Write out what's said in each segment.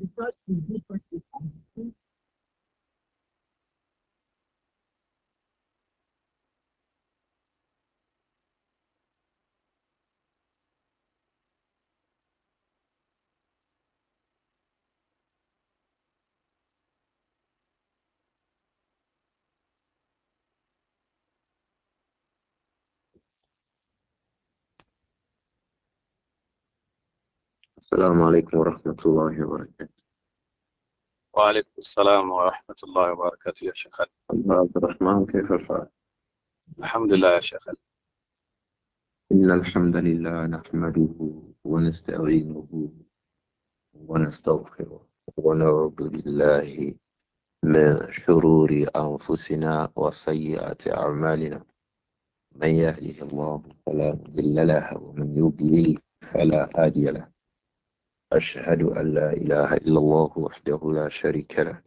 because we differently السلام عليكم ورحمة الله وبركاته وعليكم السلام ورحمة الله وبركاته يا شيخ الله عبد الرحمن كيف الحال؟ الحمد لله يا شيخ إن الحمد لله نحمده ونستعينه ونستغفره ونعوذ بالله من شرور أنفسنا وسيئات أعمالنا من يهده الله فلا مضل له ومن يضلل فلا هادي له أشهد أن لا إله إلا الله وحده لا شريك له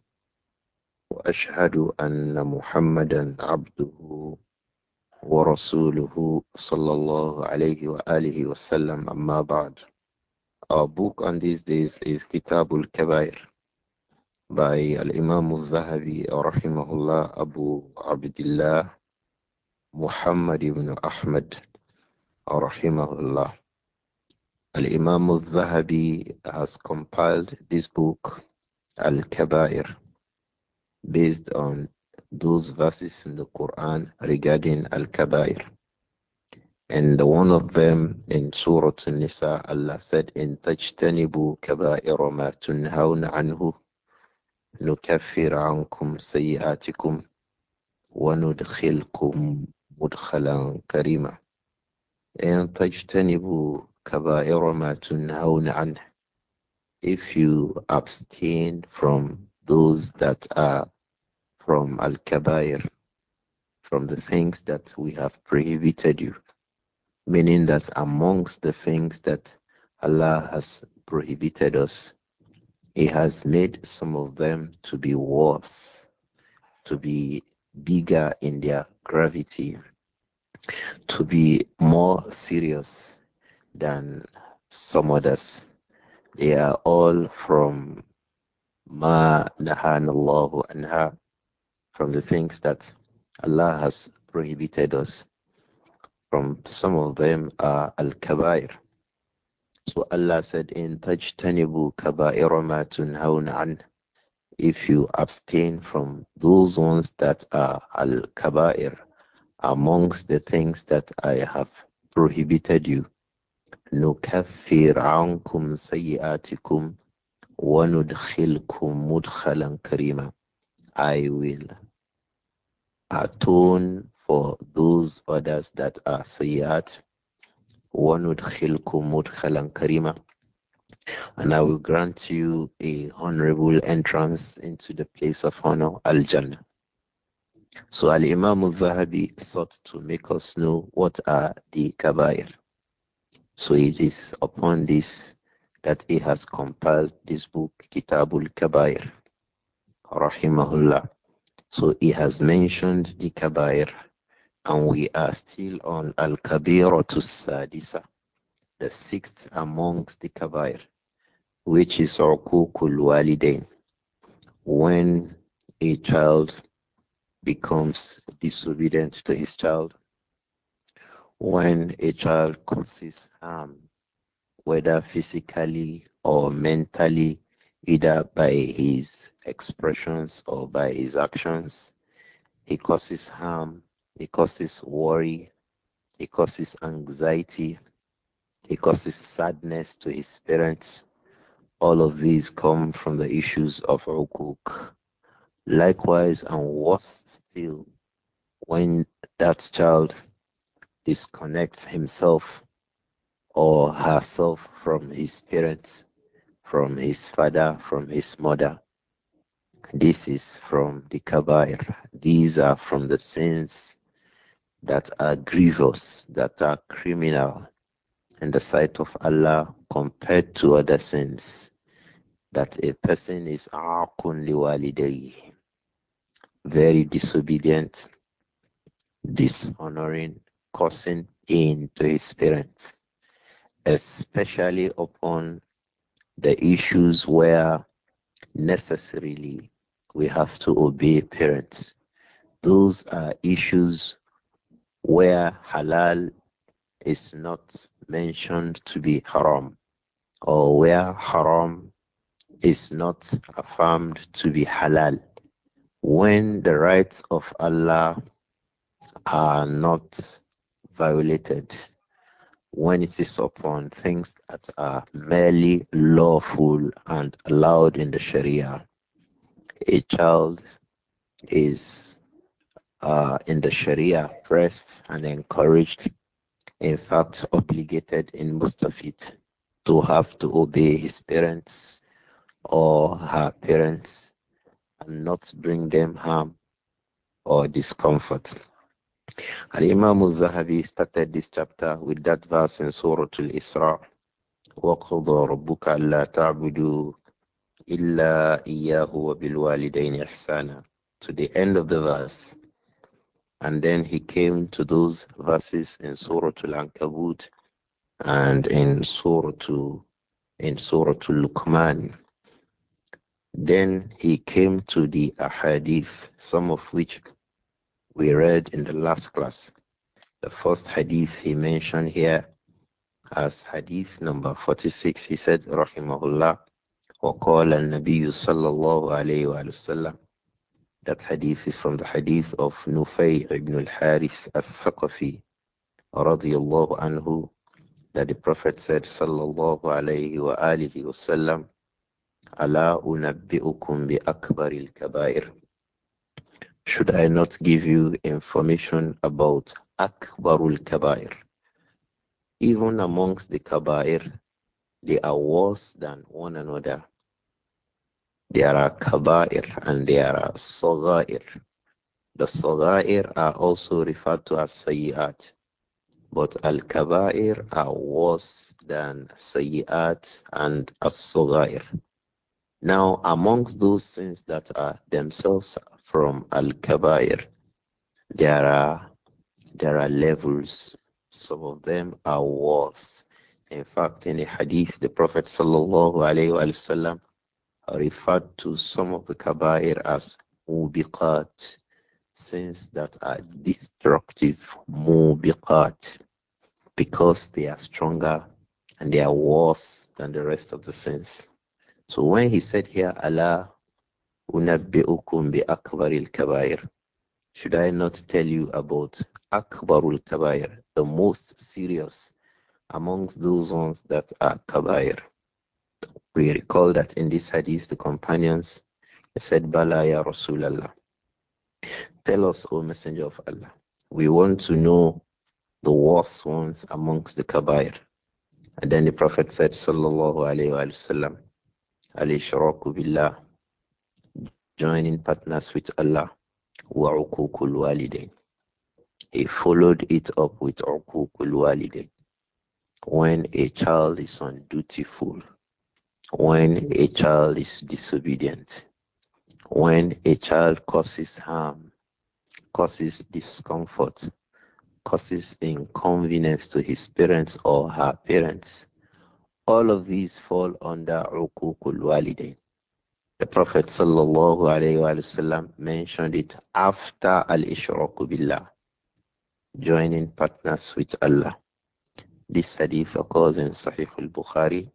وأشهد أن محمدا عبده ورسوله صلى الله عليه وآله وسلم أما بعد Our book on these days is Kitabul Kabair by Al-Imam Al-Zahabi rahimahullah Abu Abdullah Muhammad ibn Ahmad rahimahullah Al Imam al Zahabi has compiled this book, Al Kabair, based on those verses in the Quran regarding Al Kabair. And one of them in Surah Al Nisa, Allah said, In tajtanibu kabair ma tunhawna anhu, Nukafir ankum sayyatikum, wa nudkhilkum mudkhalan karima. In tajtanibu if you abstain from those that are from al kabair from the things that we have prohibited you meaning that amongst the things that Allah has prohibited us he has made some of them to be worse to be bigger in their gravity to be more serious than some others. They are all from Ma Nahanallahu Anha, from the things that Allah has prohibited us. From some of them are Al Kabair. So Allah said in Tajtanibu Kabair ma tunhaun an. If you abstain from those ones that are Al Kabair, amongst the things that I have prohibited you, نكفر عنكم سيئاتكم وندخلكم مدخلا كريما I will atone for those others that are sayyat وندخلكم مدخلا كريما and I will grant you a honorable entrance into the place of honor, Al Jannah. So Al Imam al Zahabi sought to make us know what are the kabair. So it is upon this that he has compiled this book, Kitabul Kabair, rahimahullah. So he has mentioned the Kabair, and we are still on Al kabir to Sadisa, the sixth amongst the Kabair, which is al Walidain, when a child becomes disobedient to his child when a child causes harm, whether physically or mentally, either by his expressions or by his actions. He causes harm, he causes worry, he causes anxiety, he causes sadness to his parents. All of these come from the issues of Ukuk. Likewise, and worse still, when that child disconnects himself or herself from his parents, from his father, from his mother. This is from the Kabair. These are from the sins that are grievous, that are criminal in the sight of Allah compared to other sins. That a person is aqun liwalidayhi, very disobedient, dishonoring cursing into his parents, especially upon the issues where necessarily we have to obey parents. Those are issues where halal is not mentioned to be haram, or where haram is not affirmed to be halal. When the rights of Allah are not violated when it is upon things that are merely lawful and allowed in the Sharia. A child is uh, in the Sharia pressed and encouraged, in fact, obligated in most of it to have to obey his parents or her parents and not bring them harm or discomfort. Al Imam al Zahabi started this chapter with that verse in Surah Al Isra. وَقَضَى رَبُّكَ أَلَّا تَعْبُدُوا إِلَّا إِيَّاهُ وَبِالْوَالِدَيْنِ إِحْسَانًا To the end of the verse. And then he came to those verses in Surah Al Ankabut and in Surah in Surah Luqman. Then he came to the ahadith, some of which we read in the last class. The first hadith he mentioned here as hadith number 46, he said, Rahimahullah, وقال al صلى sallallahu عليه وآله That hadith is from the hadith of Nufay ibn al-Harith al-Thaqafi رضي الله عنه that the Prophet said sallallahu alaihi wasallam, وآله وسلم ألا bi akbaril الكبائر should I not give you information about Akbarul Kabair? Even amongst the Kabair, they are worse than one another. There are Kabair and there are Sagair. The Sagair are also referred to as Sayyat, but Al Kabair are worse than Sayyat and As Sagair. Now, amongst those sins that are themselves from Al-Kabair. There are, there are levels. Some of them are worse. In fact, in the hadith, the Prophet sallallahu alaihi wasallam referred to some of the kabair as mubiqat, sins that are destructive, mubiqat, because they are stronger and they are worse than the rest of the sins. So when he said here, Allah should I not tell you about Akbarul Kabair, the most serious amongst those ones that are Kabair? We recall that in this hadith, the companions said, Bala ya Rasulallah. Tell us, O Messenger of Allah, we want to know the worst ones amongst the Kabair. And then the Prophet said, Sallallahu Alaihi Wasallam, Al Shiraku Billah, joining partners with Allah. Wa'ukukul walidain. He followed it up with ukukul walidain. When a child is undutiful, when a child is disobedient, when a child causes harm, causes discomfort, causes inconvenience to his parents or her parents, all of these fall under ukukul walidain. The Prophet وسلم, mentioned it after al ishraku billah, joining partners with Allah. This hadith occurs in Sahih al Bukhari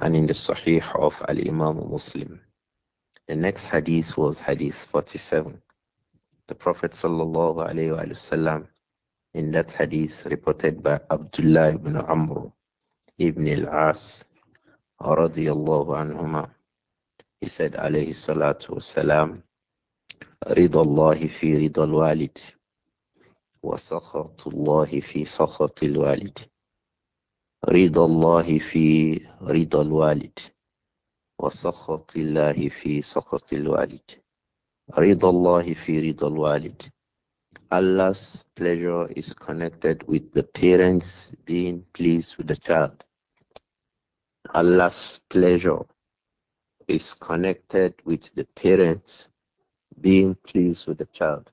and in the Sahih of Al Imam Muslim. The next hadith was hadith 47. The Prophet وسلم, in that hadith reported by Abdullah ibn Amr ibn al-As radiyallahu anhumah he said alayhi salatu wasalam ridallahi fi ridal walid wa sakhatullahi fi sakhatil walid ridallahi fi ridal walid wa sakhatillahi fi sakhatil walid ridallahi fi ridal walid Allah's pleasure is connected with the parents being pleased with the child. Allah's pleasure is connected with the parents being pleased with the child.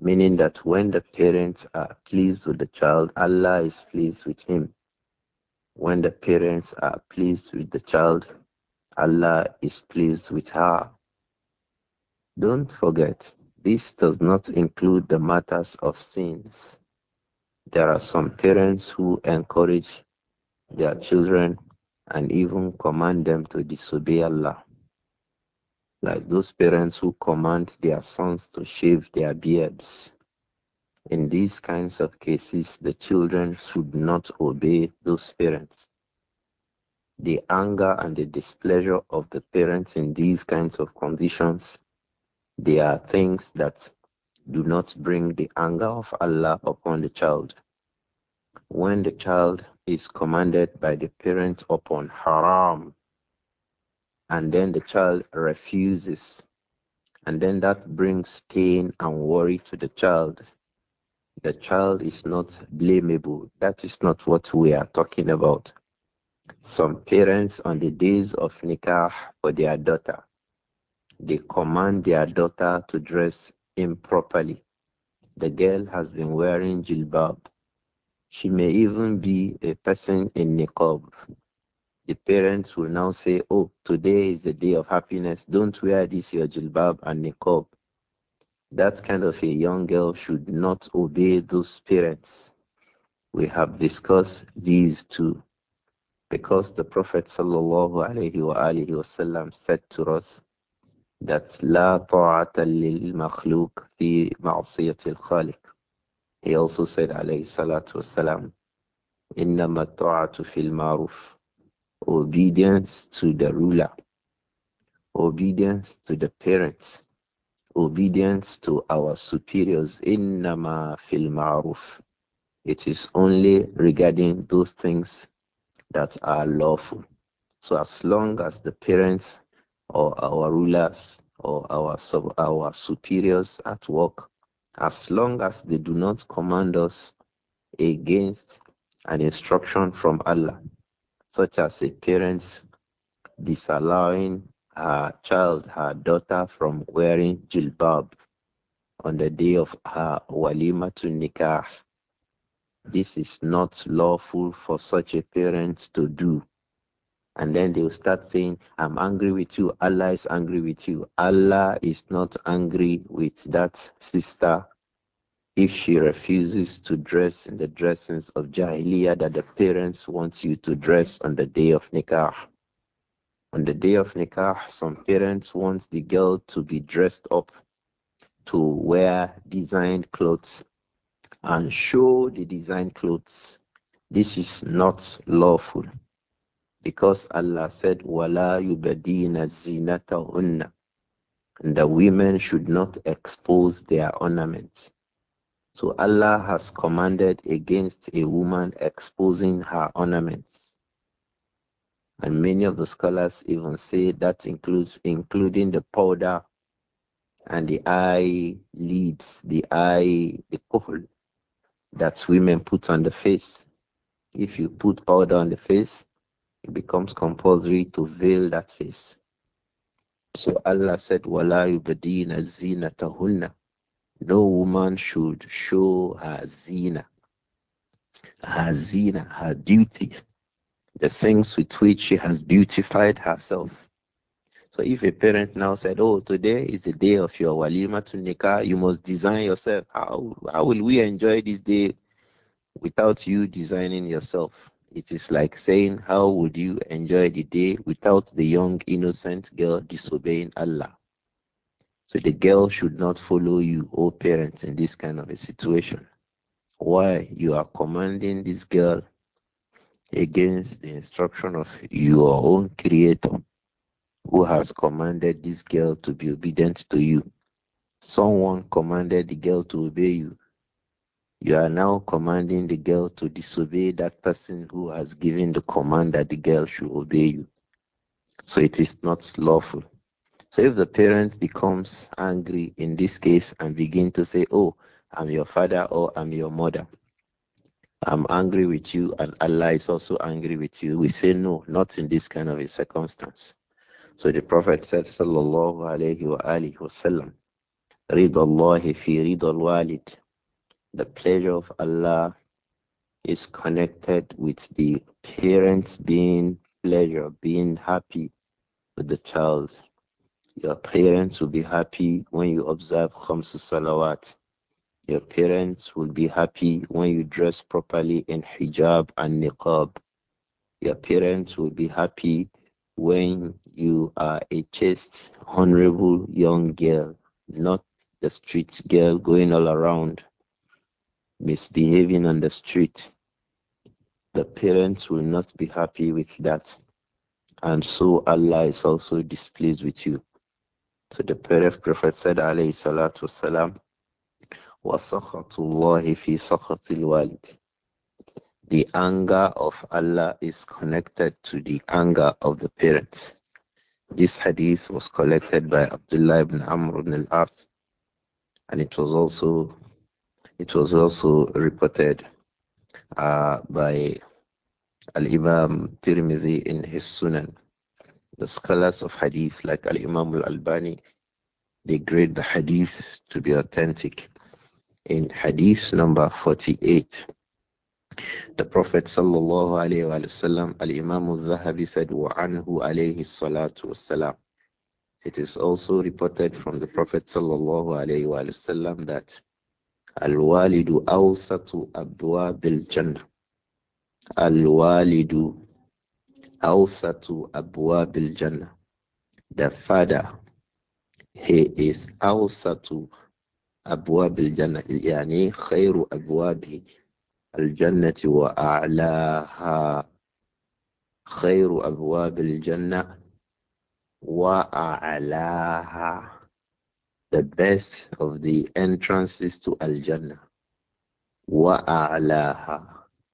Meaning that when the parents are pleased with the child, Allah is pleased with him. When the parents are pleased with the child, Allah is pleased with her. Don't forget, this does not include the matters of sins. There are some parents who encourage their children and even command them to disobey Allah. Like those parents who command their sons to shave their beards. In these kinds of cases, the children should not obey those parents. The anger and the displeasure of the parents in these kinds of conditions, they are things that do not bring the anger of Allah upon the child. When the child is commanded by the parent upon haram, and then the child refuses, and then that brings pain and worry to the child. The child is not blamable. That is not what we are talking about. Some parents, on the days of nikah for their daughter, they command their daughter to dress improperly. The girl has been wearing jilbab she may even be a person in niqab. The parents will now say, Oh, today is the day of happiness. Don't wear this your jilbab and niqab. That kind of a young girl should not obey those parents. We have discussed these two because the Prophet وسلم, said to us that لا طاعة للمخلوق في معصية الخالق he also said, alayhi salatu wasalam, innama ta'atu fil maruf. Obedience to the ruler. Obedience to the parents. Obedience to our superiors. Innama fil maruf. It is only regarding those things that are lawful. So as long as the parents or our rulers or our sub, our superiors at work as long as they do not command us against an instruction from Allah, such as a parents disallowing her child, her daughter, from wearing jilbab on the day of her walima to nikah. This is not lawful for such a parent to do. And then they will start saying, I'm angry with you. Allah is angry with you. Allah is not angry with that sister if she refuses to dress in the dressings of Jahiliyyah that the parents want you to dress on the day of Nikah. On the day of Nikah, some parents want the girl to be dressed up to wear designed clothes and show the designed clothes. This is not lawful. Because Allah said, Wala yubadina zinata unna. And the women should not expose their ornaments. So Allah has commanded against a woman exposing her ornaments. And many of the scholars even say that includes including the powder and the eye lids, the eye, the kohl that women put on the face. If you put powder on the face, it becomes compulsory to veil that face. So Allah said, Wala yubadina zina tahunna. No woman should show her zina, her zina, her duty, the things with which she has beautified herself. So if a parent now said, Oh, today is the day of your walima to nikah, you must design yourself. How, how will we enjoy this day without you designing yourself? It is like saying, How would you enjoy the day without the young, innocent girl disobeying Allah? So the girl should not follow you, or parents, in this kind of a situation. Why? You are commanding this girl against the instruction of your own Creator, who has commanded this girl to be obedient to you. Someone commanded the girl to obey you you are now commanding the girl to disobey that person who has given the command that the girl should obey you. So it is not lawful. So if the parent becomes angry in this case and begin to say, Oh, I'm your father or I'm your mother, I'm angry with you and Allah is also angry with you, we say no, not in this kind of a circumstance. So the Prophet said, Sallallahu Alaihi Wasallam, Allah, Allahi fi read al walid the pleasure of Allah is connected with the parents being pleasure, being happy with the child. Your parents will be happy when you observe Khamsu Salawat. Your parents will be happy when you dress properly in hijab and niqab. Your parents will be happy when you are a chaste, honorable young girl, not the street girl going all around misbehaving on the street. The parents will not be happy with that. And so Allah is also displeased with you. So the Prophet said, alayhi salatu wasalam, وَسَخَطُ اللَّهِ فِي سَخَطِ The anger of Allah is connected to the anger of the parents. This hadith was collected by Abdullah ibn Amr ibn al-As and it was also it was also reported uh, by Al Imam Tirmidhi in his Sunan. The scholars of hadith, like Al Imam Al Albani, they grade the hadith to be authentic. In hadith number 48, the Prophet sallallahu alayhi wasallam, Al Imam Al Zahabi said, Wa anhu alayhi salatu wasalam. It is also reported from the Prophet sallallahu alayhi wasallam that Al-walidu awsatu abwabil jannah. Al-walidu awsatu abwabil jannah. The father, he is awsatu abwabil jannah. Yani khairu abwabi al-jannah wa a'laha. خير أبواب الجنة وأعلاها the best of the entrances to Al Jannah. Wa a'laha,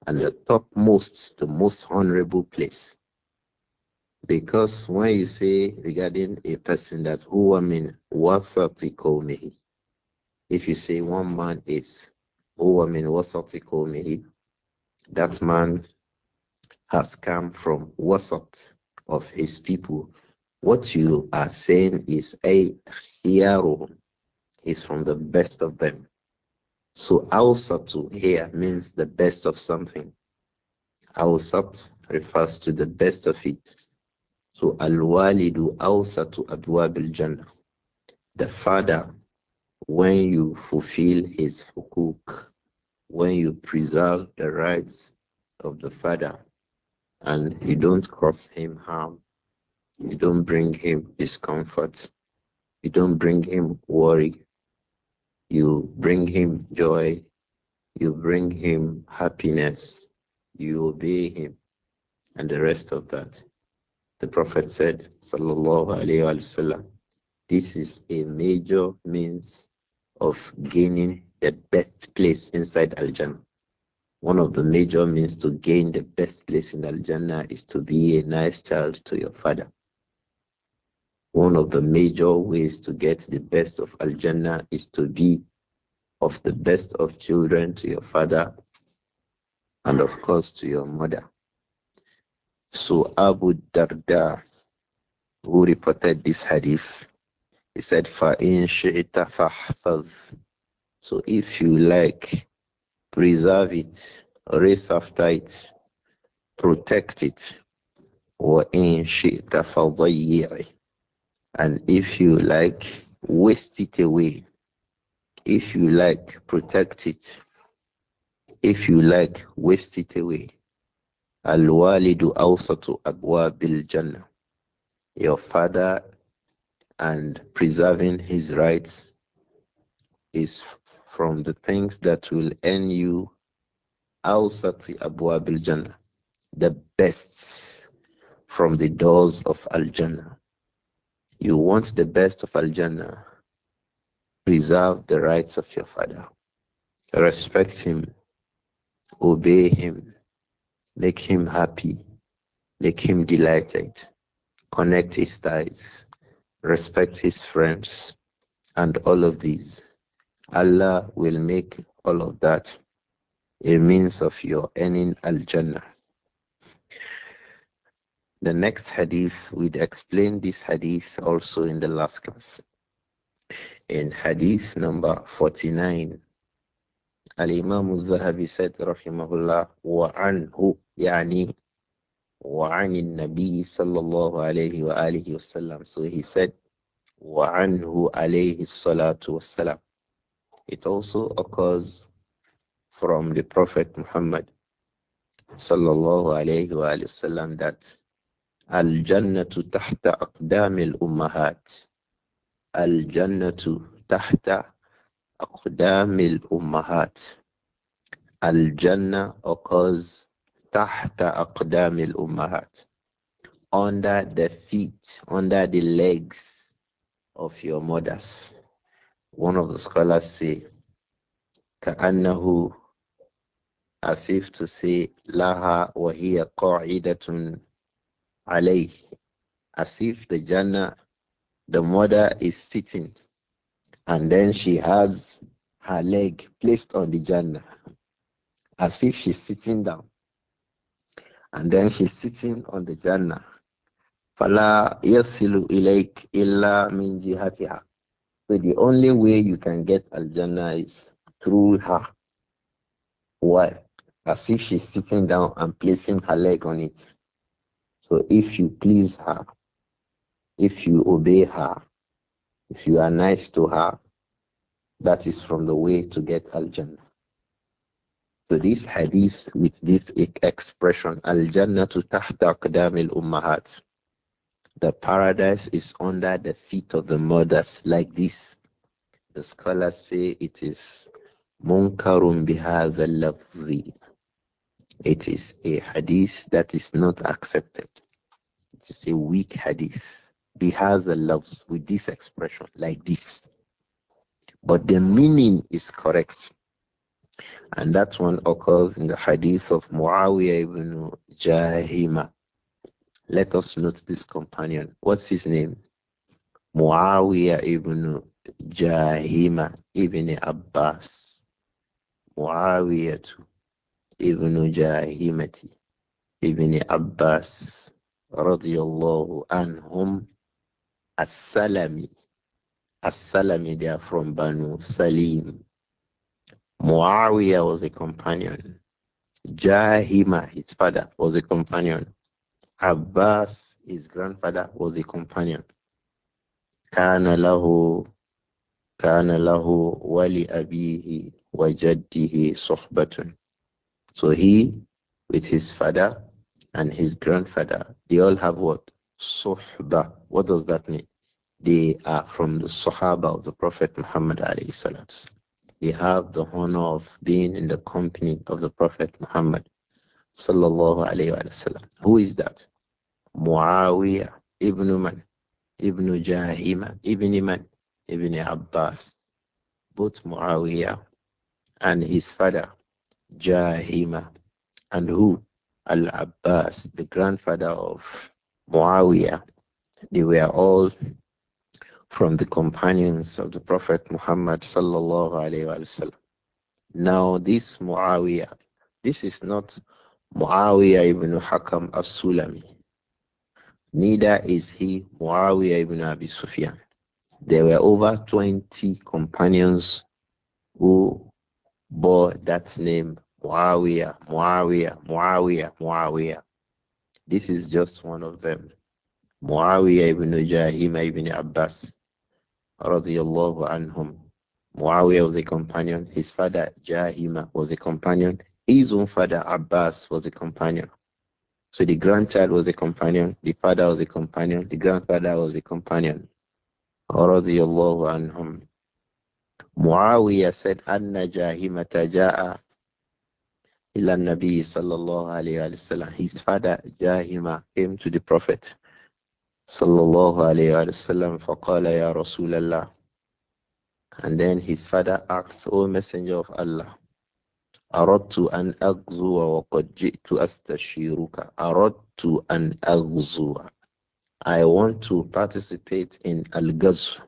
and the topmost, the most honorable place. Because when you say regarding a person that who I mean wasati kawmihi, if you say one man is who I mean wasati kawmihi, that man has come from wasat of his people what you are saying is a hero is from the best of them. So al-sabtu here means the best of something. al sat refers to the best of it. So al-walidu al-satu abwabil jannah. The father, when you fulfill his hukuk, when you preserve the rights of the father and you don't cause him harm, you don't bring him discomfort. You don't bring him worry. You bring him joy. You bring him happiness. You obey him. And the rest of that. The Prophet said, Sallallahu Wasallam, this is a major means of gaining the best place inside Al Jannah. One of the major means to gain the best place in Al Jannah is to be a nice child to your father. One of the major ways to get the best of Al Jannah is to be of the best of children to your father and, of course, to your mother. So Abu Darda, who reported this hadith, he said, فَإِن شِئْتَ فَحْفَظْ So if you like, preserve it, race after it, protect it. وَإِن شِئْتَ فَضَيِّعِ and if you like, waste it away. If you like, protect it. If you like, waste it away. Al-walidu awsatu abwabil jannah. Your father and preserving his rights is from the things that will earn you awsati abwabil jannah. The best from the doors of al-jannah you want the best of Al Jannah. Preserve the rights of your father. Respect him. Obey him. Make him happy. Make him delighted. Connect his ties. Respect his friends. And all of these. Allah will make all of that a means of your earning Al Jannah. The next hadith, we'd explain this hadith also in the last class. In hadith number 49, Al-Imam al-Zahabi said, rahimahullah, wa يعني وعن النبي صلى الله عليه وآله وسلم. So he said, وعنه عليه wa والسلام. It also occurs from the Prophet Muhammad sallallahu alayhi wa sallam that Al-Jannatu tahta aqdamil ummahat. Al-Jannatu tahta aqdamil ummahat. Al-Jannah occurs tahta aqdamil ummahat. Under the feet, under the legs of your mothers. One of the scholars say, كأنه as if to say لها وهي قاعدة alayh, as if the Jannah, the mother is sitting, and then she has her leg placed on the Jannah, as if she's sitting down, and then she's sitting on the Jannah. فَلَا يَصِلُ إِلَّا مِنْ جِهَتِهَا So the only way you can get Al-Jannah is through her. Why? As if she's sitting down and placing her leg on it. So if you please her, if you obey her, if you are nice to her, that is from the way to get Al Jannah. So this hadith with this expression, Al Jannah to tahta qadamil ummahat. The paradise is under the feet of the mothers, like this. The scholars say it is munkarun bihadha lafzi. It is a hadith that is not accepted. It's a weak hadith. Bihadha loves with this expression, like this. But the meaning is correct. And that one occurs in the hadith of Muawiyah ibn Jahima. Let us note this companion. What's his name? Muawiyah ibn Jahima ibn Abbas. Muawiyah ibn Jahimati ibn Abbas radiallahu anhum as-salami as-salami they are from Banu Salim Muawiyah was a companion Jahima his father was a companion Abbas his grandfather was a companion كان له كان له ولأبيه وجده صحبة so he with his father and his grandfather, they all have what? Suhba. What does that mean? They are from the Sahaba of the Prophet Muhammad. They have the honor of being in the company of the Prophet Muhammad. Who is that? Muawiyah ibn Man, ibn Jahima, ibn Iman, ibn Abbas. Both Muawiyah and his father, Jahima. And who? Al Abbas, the grandfather of Muawiyah, they were all from the companions of the Prophet Muhammad sallallahu alaihi wasallam. Now this Muawiyah, this is not Muawiyah ibn Hakam as-Sulami. Neither is he Muawiyah ibn Abi Sufyan. There were over 20 companions who bore that name Muawiyah, Muawiyah, Muawiyah, Muawiyah. This is just one of them. Muawiyah ibn Jahima ibn Abbas, radiyallahu anhum. Muawiyah was a companion. His father Jahima was a companion. His own father Abbas was a companion. So the grandchild was a companion. The father was a companion. The grandfather was a companion. Radiyallahu anhum. Muawiyah said, Anna Jahima taja'a ila nabi sallallahu alayhi wasallam. His father Jahima came to the Prophet sallallahu alayhi wasallam faqala ya Rasulallah. And then his father asked, O Messenger of Allah, أردت أن أغزو وقد جئت أستشيرك أردت أن أغزو I want to participate in al-ghazw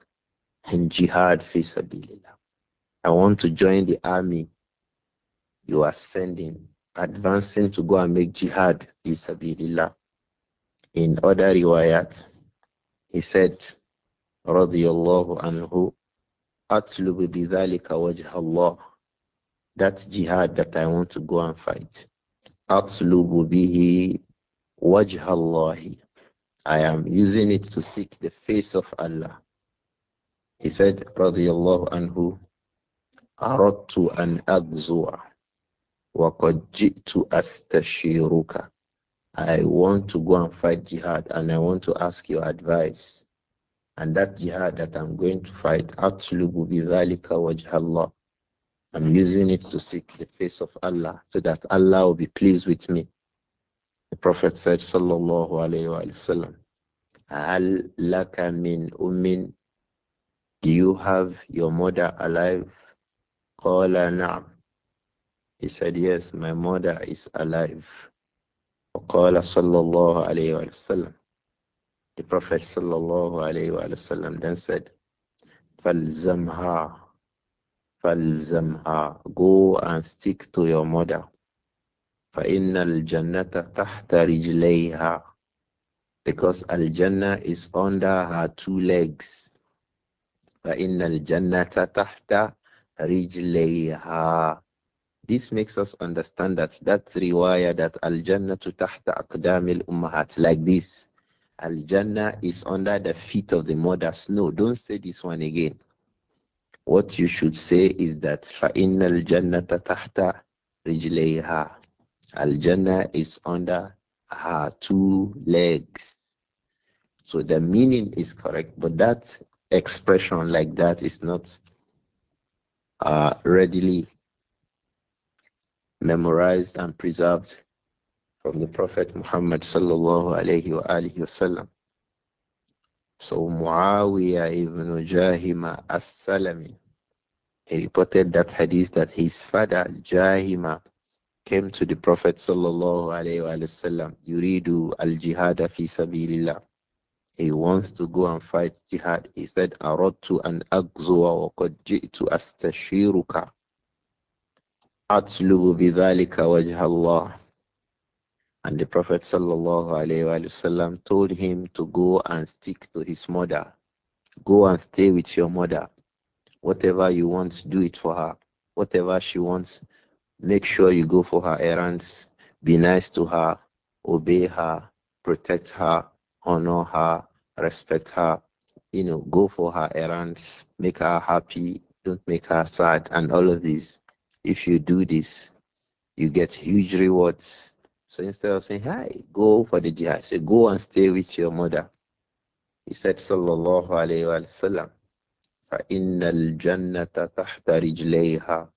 and jihad fi sabilillah I want to join the army you are sending, advancing to go and make jihad is abilillah. In other riwayat, he said, radiyallahu anhu, atlubu bidhalika wajh Allah. That jihad that I want to go and fight. Atlubu bihi wajh Allahi. I am using it to seek the face of Allah. He said, radiyallahu anhu, aradtu an agzu'a ask the أَسْتَشِيرُكَ I want to go and fight jihad and I want to ask your advice. And that jihad that I'm going to fight, أَطْلُبُ بِذَلِكَ وَجْهَ اللَّهِ I'm using it to seek the face of Allah so that Allah will be pleased with me. The Prophet said, Sallallahu Alaihi Wasallam, Al laka min ummin, do you have your mother alive? Qala na'am. He said, Yes, my mother is alive. وقال صلى الله عليه وسلم The Prophet صلى الله عليه وسلم then said, فَالْزَمْهَا فَالْزَمْهَا Go and stick to your mother. فَإِنَّ الْجَنَّةَ تَحْتَ رِجْلَيْهَا Because Al-Jannah is under her two legs. فَإِنَّ الْجَنَّةَ تَحْتَ رِجْلَيْهَا this makes us understand that that riwayah that Al Jannah to tahta akdamil ummahat, like this, Al Jannah is under the feet of the mothers. No, don't say this one again. What you should say is that فَإِنَّ الْجَنَّةَ تَحْتَ رِجْلَيْهَا Al Jannah is under her two legs. So the meaning is correct, but that expression like that is not uh, readily memorized and preserved from the Prophet Muhammad sallallahu alayhi wa alihi wasallam. So Muawiyah ibn Jahima as-Salami, he reported that hadith that his father Jahima came to the Prophet sallallahu alayhi wa sallam, yuridu al jihad fi sabilillah. He wants to go and fight jihad. He said, "Aradtu an agzuwa wa qad ji'tu astashiruka." أَتْلُبُ بِذَلِكَ وَجْهَ اللَّهِ And the Prophet وسلم, told him to go and stick to his mother. Go and stay with your mother. Whatever you want, do it for her. Whatever she wants, make sure you go for her errands. Be nice to her. Obey her. Protect her. Honor her. Respect her. You know, go for her errands. Make her happy. Don't make her sad. And all of these if you do this, you get huge rewards. So instead of saying, Hi, go for the jihad, say, Go and stay with your mother. He said, Sallallahu Alaihi Wasallam, فَإِنَّ الْجَنَّةَ تَحْتَ رِجْلَيْهَا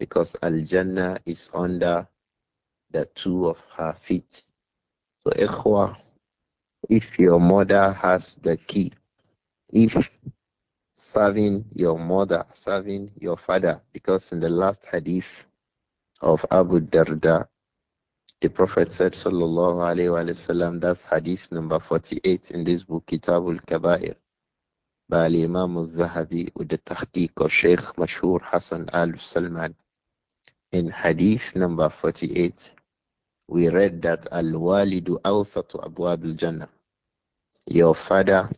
Because Al-Jannah is under the two of her feet. So, Ikhwa, if your mother has the key, if serving your mother, serving your father. Because in the last hadith of Abu Darda, the Prophet said, Sallallahu Alaihi Wasallam, that's hadith number 48 in this book, Kitabul Kabair, by Imam al Zahabi with the Tahqiq of Sheikh Mashur Hassan al Salman. In hadith number 48, we read that Al Walidu Awsatu Abu Abdul Jannah. Your father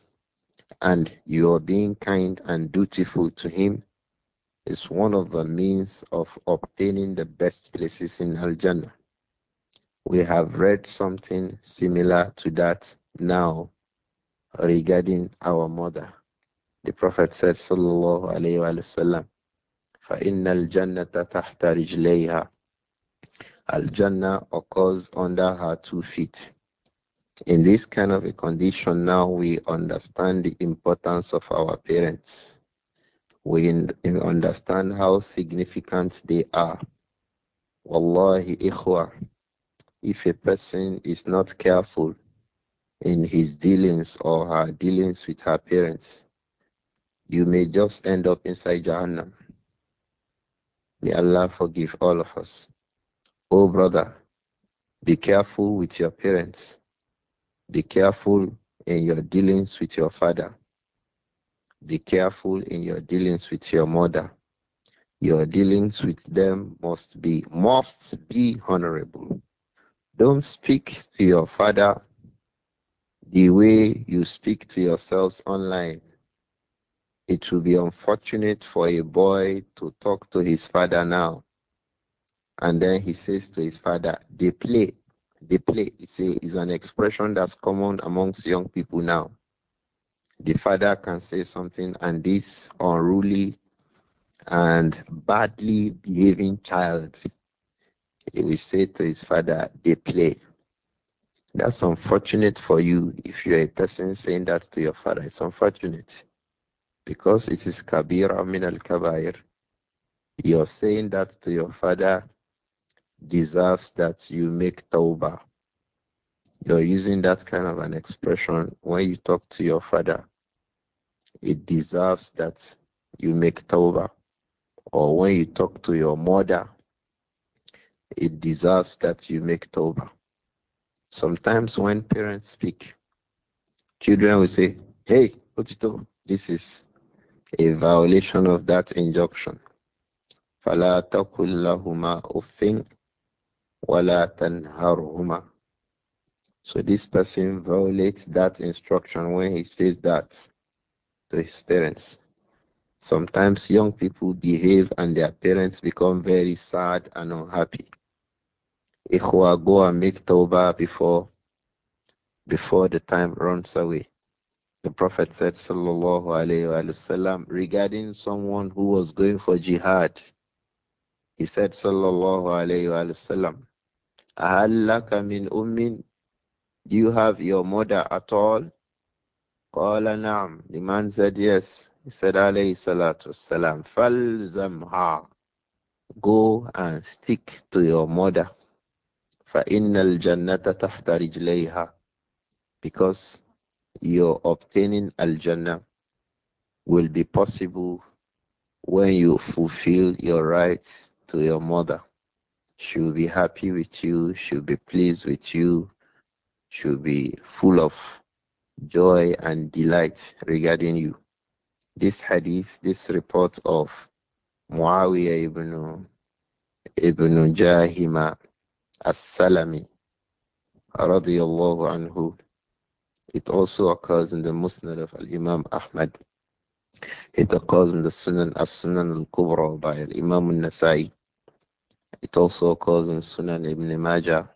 and your being kind and dutiful to him is one of the means of obtaining the best places in Al Jannah. We have read something similar to that now regarding our mother. The Prophet said, Sallallahu Alaihi Wasallam, فَإِنَّ الْجَنَّةَ تَحْتَ رِجْلَيْهَا Al-Jannah occurs under her two feet. In this kind of a condition, now we understand the importance of our parents. We understand how significant they are. Wallahi ikhwa, if a person is not careful in his dealings or her dealings with her parents, you may just end up inside Jahannam. May Allah forgive all of us. Oh, brother, be careful with your parents. Be careful in your dealings with your father. Be careful in your dealings with your mother. Your dealings with them must be must be honorable. Don't speak to your father the way you speak to yourselves online. It will be unfortunate for a boy to talk to his father now. And then he says to his father, they play. They play. is a, an expression that's common amongst young people now. The father can say something, and this unruly and badly behaving child, he will say to his father, They play. That's unfortunate for you if you're a person saying that to your father. It's unfortunate because it is kabira min al kabair. You're saying that to your father deserves that you make tawbah. You're using that kind of an expression when you talk to your father. It deserves that you make tawbah. Or when you talk to your mother, it deserves that you make tawbah. Sometimes when parents speak, children will say, Hey, Ojito, this is a violation of that injunction. فَلَا تَقُلْ لَهُمَا أُفٍّ so this person violates that instruction when he says that to his parents. Sometimes young people behave and their parents become very sad and unhappy. Ikhwa, go and make tawbah before, before the time runs away. The Prophet said, Sallallahu Alaihi Wasallam, regarding someone who was going for jihad, he said, Sallallahu Alaihi Wasallam, Ahallaka min ummin? Do you have your mother at all? Qala na'am. The man said yes. He said alayhi salatu salam Falzamha. Go and stick to your mother. فَإِنَّ jannata تَحْتَ رِجْلَيْهَا Because your obtaining al-jannah will be possible when you fulfill your rights to your mother. She'll be happy with you. She'll be pleased with you. She'll be full of joy and delight regarding you. This hadith, this report of Muawiyah ibn, ibn Jahima as-Salami radiyallahu anhu. It also occurs in the Musnad of Al-Imam Ahmad. It occurs in the Sunan as-Sunan al-Kubra by Imam al-Nasai. It also occurs in Sunan ibn Majah.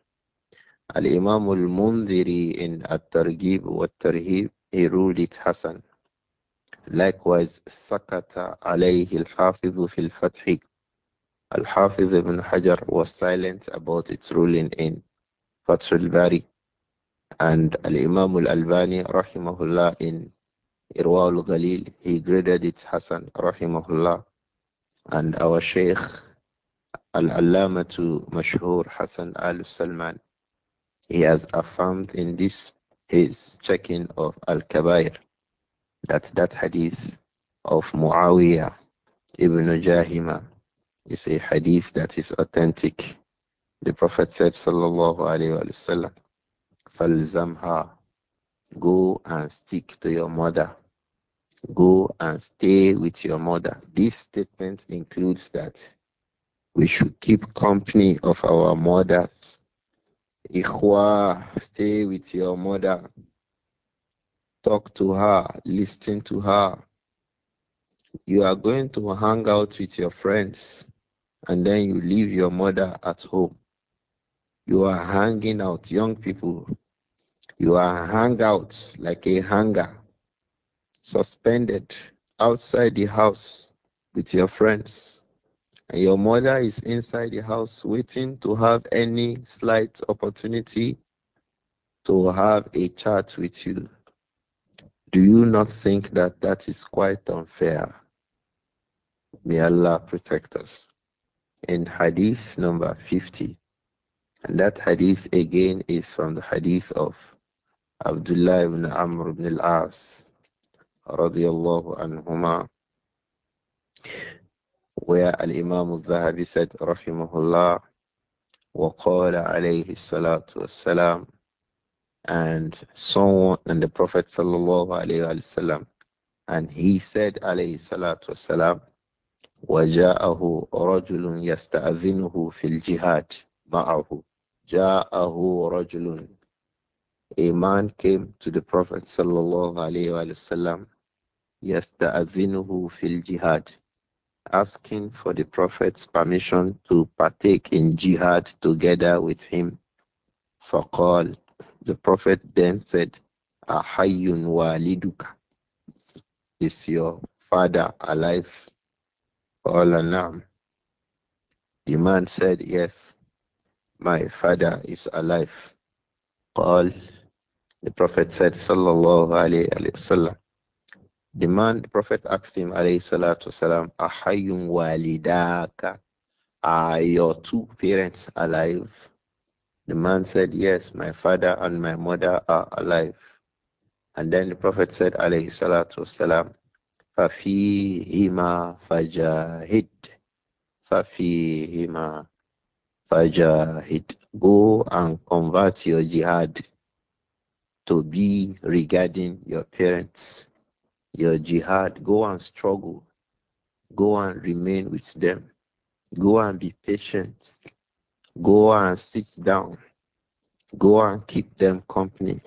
Al Imam al Mundiri in At Targhib wa Tarhib, he ruled it Hasan. Likewise, Sakata alayhi al Hafidh fil Fath. Al hafiz ibn Hajar was silent about its ruling in Fathul Bari. And Al Imam al Albani, rahimahullah, in Irwa al Ghalil, he graded it Hasan, rahimahullah. And our Sheikh Al-Allamatu Mashhur Hassan al-Salman. He has affirmed in this his checking of Al-Kabair that that hadith of Muawiyah ibn Jahima is a hadith that is authentic. The Prophet said, Sallallahu Alaihi Wasallam, Falzamha, go and stick to your mother. Go and stay with your mother. This statement includes that we should keep company of our mothers. Ikhwa, stay with your mother. Talk to her, listen to her. You are going to hang out with your friends and then you leave your mother at home. You are hanging out, young people. You are hang out like a hanger, suspended outside the house with your friends and your mother is inside the house waiting to have any slight opportunity to have a chat with you, do you not think that that is quite unfair? May Allah protect us. In hadith number 50, and that hadith again is from the hadith of Abdullah ibn Amr ibn al-As, radiallahu anhumah where Al-Imam al-Dhahabi said, Rahimahullah, وَقَالَ عَلَيْهِ الصَّلَاةُ وَالسَّلَامُ And so on, and the Prophet sallallahu alayhi wa sallam, and he said, alayhi salatu wasalam, وَجَاءَهُ رَجُلٌ يَسْتَأْذِنُهُ فِي الْجِهَادِ مَعَهُ جَاءَهُ رَجُلٌ A man came to the Prophet sallallahu alayhi wa sallam, يَسْتَأْذِنُهُ فِي الْجِهَادِ asking for the Prophet's permission to partake in jihad together with him. for call. the Prophet then said, Ahayun waliduka. Is your father alive? Qalanam. The man said, Yes, my father is alive. Call. the Prophet said, Sallallahu alayhi wa sallam, the man, the Prophet asked him, alayhi salatu salam, Ahayun walidaka, are your two parents alive? The man said, Yes, my father and my mother are alive. And then the Prophet said, alayhi salatu salam, Fafihima fajahid. Fafihima fajahid. Go and convert your jihad to be regarding your parents your jihad, go and struggle, go and remain with them, go and be patient, go and sit down, go and keep them company,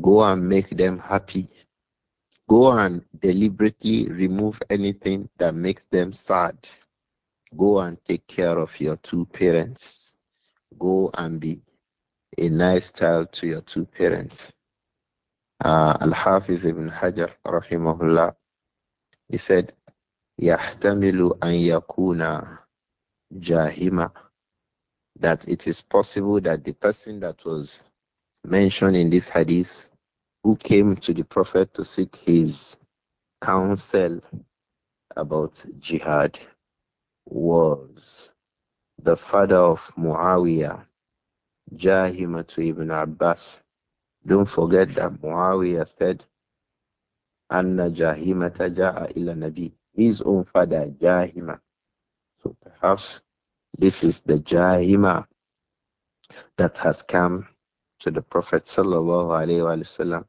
go and make them happy, go and deliberately remove anything that makes them sad, go and take care of your two parents, go and be a nice child to your two parents uh, Al-Hafiz ibn Hajar rahimahullah he said yahtamilu an yakuna jahima that it is possible that the person that was mentioned in this hadith who came to the prophet to seek his counsel about jihad was the father of Muawiyah Jahima to Ibn Abbas don't forget that Muawiyah said, Anna Jahimata tajaa ila Nabi. His own father, Jahima. So perhaps this is the Jahima that has come to the Prophet sallallahu alaihi wasallam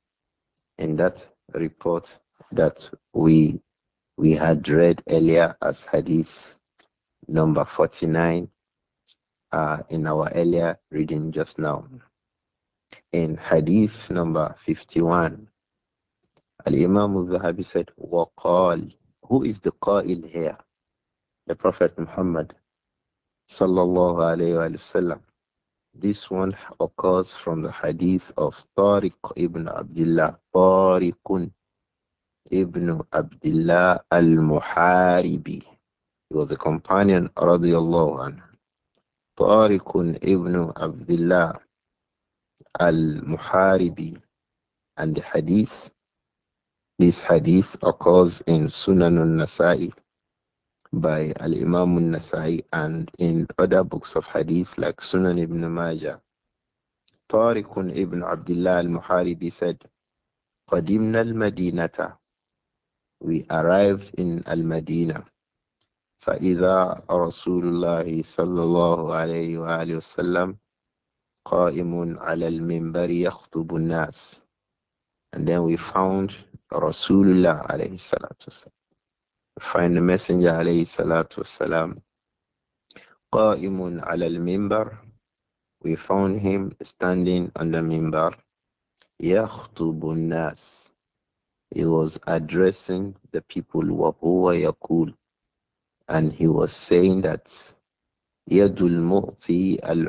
in that report that we we had read earlier as hadith number 49 uh, in our earlier reading just now in hadith number 51. Al Imam al Zahabi said, Waqal. Who is the Qa'il here? The Prophet Muhammad. Sallallahu alayhi wa sallam. This one occurs from the hadith of Tariq ibn Abdullah. Tariq ibn Abdullah al Muharibi. He was a companion, radiallahu anhu. Tariq ibn Abdullah al-Muharibi. And the hadith, this hadith occurs in Sunan al-Nasa'i by al-Imam al-Nasa'i and in other books of hadith like Sunan ibn Majah. Tariq ibn Abdullah al-Muharibi said, قدمنا المدينة We arrived in Al-Madinah. فإذا رسول الله صلى الله عليه وآله وسلم قائم على المنبر يخطب الناس and then we found Rasulullah alayhi salatu wasalam. We find the Messenger alayhi salatu wasalam. Qa'imun ala al We found him standing on the mimbar. Yakhtubu nas. He was addressing the people. Wahuwa yakul. And he was saying that Yadul mu'ti al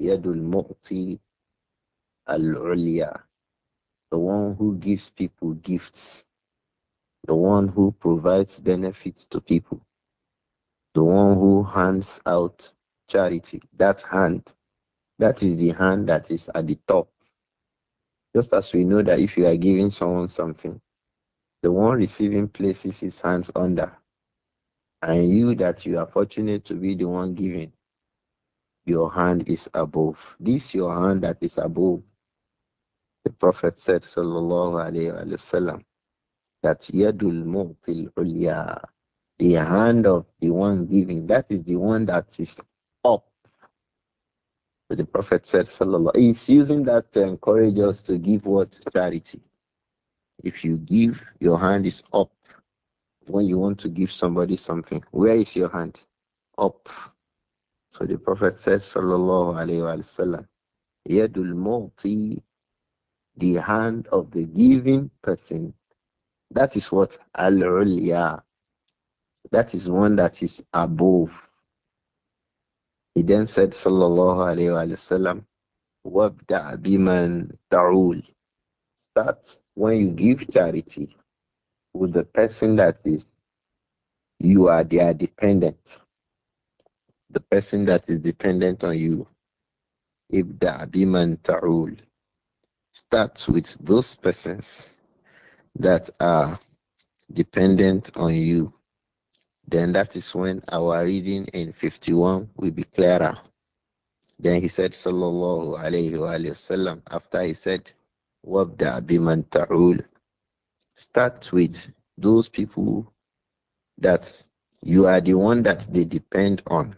Yadul Mu'ti al the one who gives people gifts, the one who provides benefits to people, the one who hands out charity. That hand, that is the hand that is at the top. Just as we know that if you are giving someone something, the one receiving places his hands under, and you that you are fortunate to be the one giving, your hand is above. This your hand that is above. The Prophet said, Sallallahu Alaihi Wasallam, that Yadul Mu'til Ulya, the hand of the one giving, that is the one that is up. But the Prophet said, Sallallahu He's using that to encourage us to give what? Charity. If you give, your hand is up. When you want to give somebody something, where is your hand? Up so the Prophet said, Sallallahu Alaihi Wasallam, Yadul Mu'ti, the hand of the giving person. That is what Al Ulya. That is one that is above. He then said, Sallallahu Alaihi Wasallam, Wabda biman ta'ul. Start when you give charity with the person that is you are their dependent the person that is dependent on you. the biman ta'ul. Start with those persons that are dependent on you. Then that is when our reading in 51 will be clearer. Then he said, Sallallahu alayhi Wasallam, wa after he said, Wabda biman ta'ul. Start with those people that you are the one that they depend on.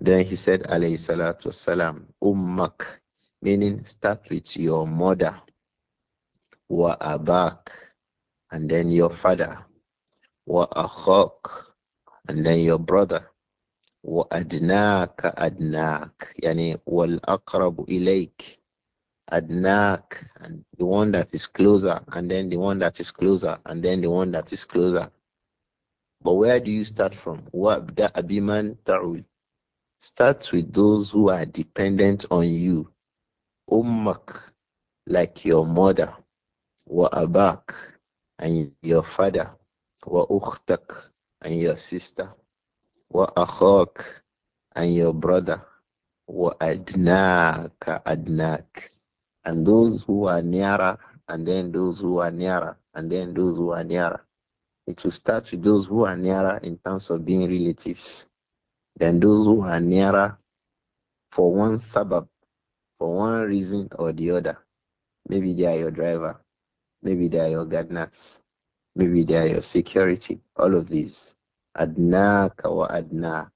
Then he said, alayhi salatu salam ummak, meaning start with your mother, wa abak, and then your father, wa akhak, and then your brother, wa adnak, adnak, yani wal aqrabu ilayk, adnak, and the one that is closer, and then the one that is closer, and then the one that is closer. But where do you start from? abda abiman ta'ul. Start with those who are dependent on you. Ummak, like your mother. Wa abak, and your father. Wa ukhtak, and your sister. Wa akhak, and your brother. Wa adnaka, adnak. And those who are nearer, and then those who are nearer, and then those who are nearer. It will start with those who are nearer in terms of being relatives than those who are nearer for one suburb, for one reason or the other. Maybe they are your driver, maybe they are your gardeners, maybe they are your security, all of these. Adna, or adna,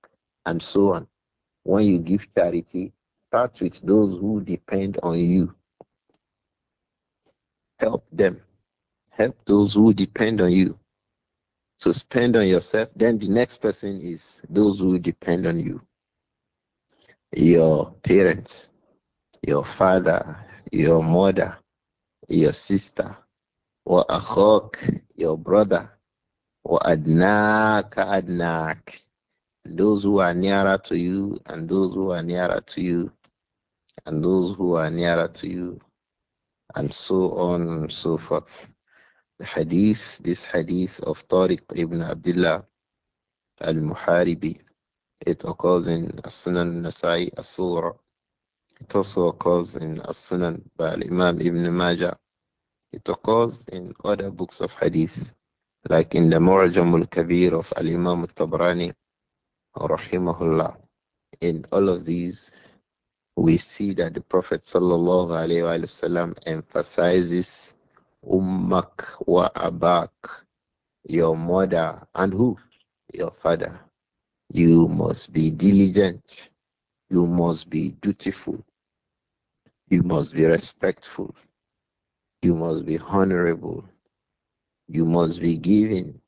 and so on. When you give charity, start with those who depend on you. Help them. Help those who depend on you. To spend on yourself. Then the next person is those who depend on you your parents, your father, your mother, your sister, or akhok, your brother, or adnak, adnak, those who are nearer to you, and those who are nearer to you, and those who are nearer to you, and so on and so forth hadith, this hadith of Tariq ibn Abdullah al-Muharibi, it occurs in As-Sunan Nasai as It also occurs in As-Sunan by Imam Ibn Majah. It occurs in other books of hadith, like in the Mu'jam al-Kabir of Al-Imam al-Tabrani, rahimahullah. In all of these, we see that the Prophet sallallahu alaihi wasallam emphasizes ummak wa abak, your mother, and who? Your father. You must be diligent. You must be dutiful. You must be respectful. You must be honorable. You must be giving.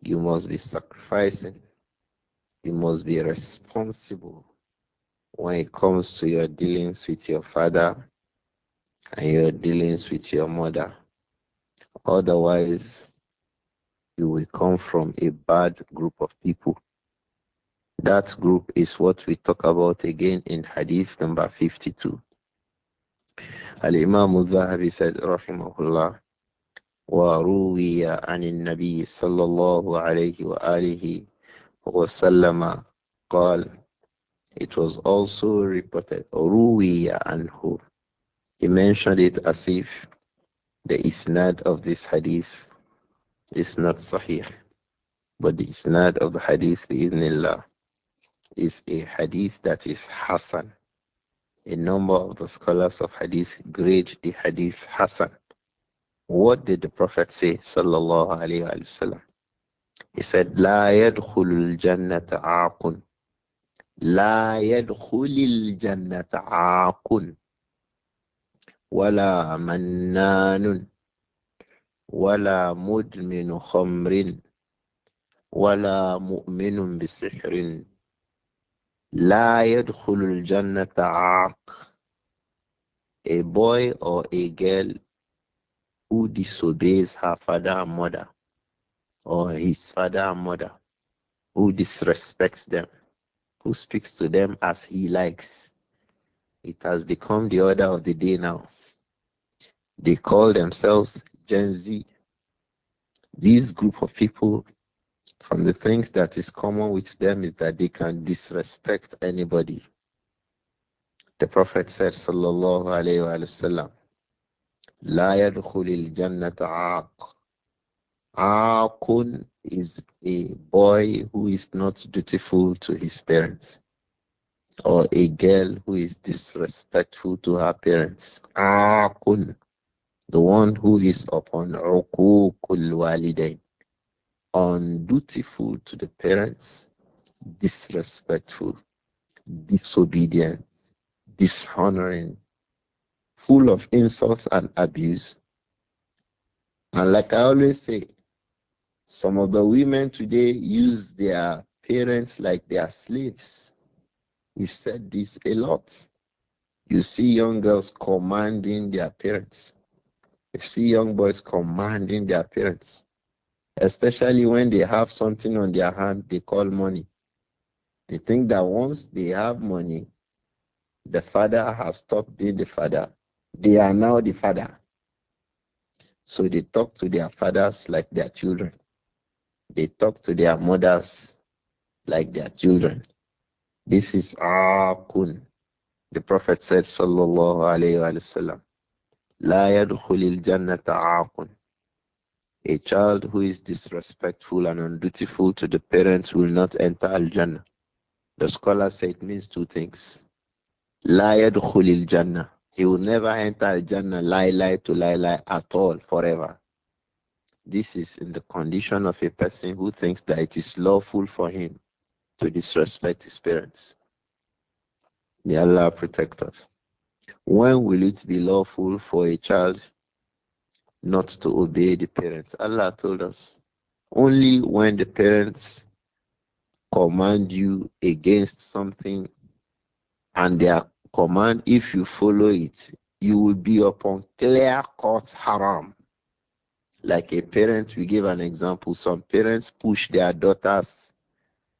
You must be sacrificing. You must be responsible when it comes to your dealings with your father and your dealings with your mother. Otherwise, you will come from a bad group of people. That group is what we talk about again in Hadith number 52. Al Imam al Zahabi said, Rahimahullah, وروي عن النبي صلى الله عليه وآله وسلم قال It was also reported, روي عنه he mentioned it as if the isnad of this hadith is not sahih, but the isnad of the hadith bi'idhnillah is a hadith that is hasan. A number of the scholars of hadith grade the hadith hasan. What did the Prophet say, sallallahu alaihi wasallam? He said, لا يدخل الجنة عاق لا يدخل الجنة عاق ولا منان ولا مدمن خمر ولا مؤمن بسحر لا يدخل الجنة عاق A boy or a girl who disobeys her father and mother or his father and mother, who disrespects them, who speaks to them as he likes. It has become the order of the day now. They call themselves Gen Z. These group of people, from the things that is common with them, is that they can disrespect anybody. The Prophet said, Sallallahu Alaihi Wasallam, La yadkhulil jannata aaq. is a boy who is not dutiful to his parents or a girl who is disrespectful to her parents. Aakun the one who is upon walidain, undutiful to the parents, disrespectful, disobedient, dishonoring, full of insults and abuse. And like I always say, some of the women today use their parents like their slaves. We've said this a lot. You see young girls commanding their parents you see young boys commanding their parents, especially when they have something on their hand they call money. They think that once they have money, the father has stopped being the father. They are now the father. So they talk to their fathers like their children. They talk to their mothers like their children. This is Akun. The Prophet said, Sallallahu Alaihi Wasallam, La yadkhulil jannata aaqun. A child who is disrespectful and undutiful to the parents will not enter Al Jannah. The scholar said it means two things. La yadkhulil jannah. He will never enter Al Jannah lie lie to lie lie at all forever. This is in the condition of a person who thinks that it is lawful for him to disrespect his parents. May Allah protect us. When will it be lawful for a child not to obey the parents? Allah told us only when the parents command you against something and their command, if you follow it, you will be upon clear cut haram. Like a parent, we give an example. Some parents push their daughters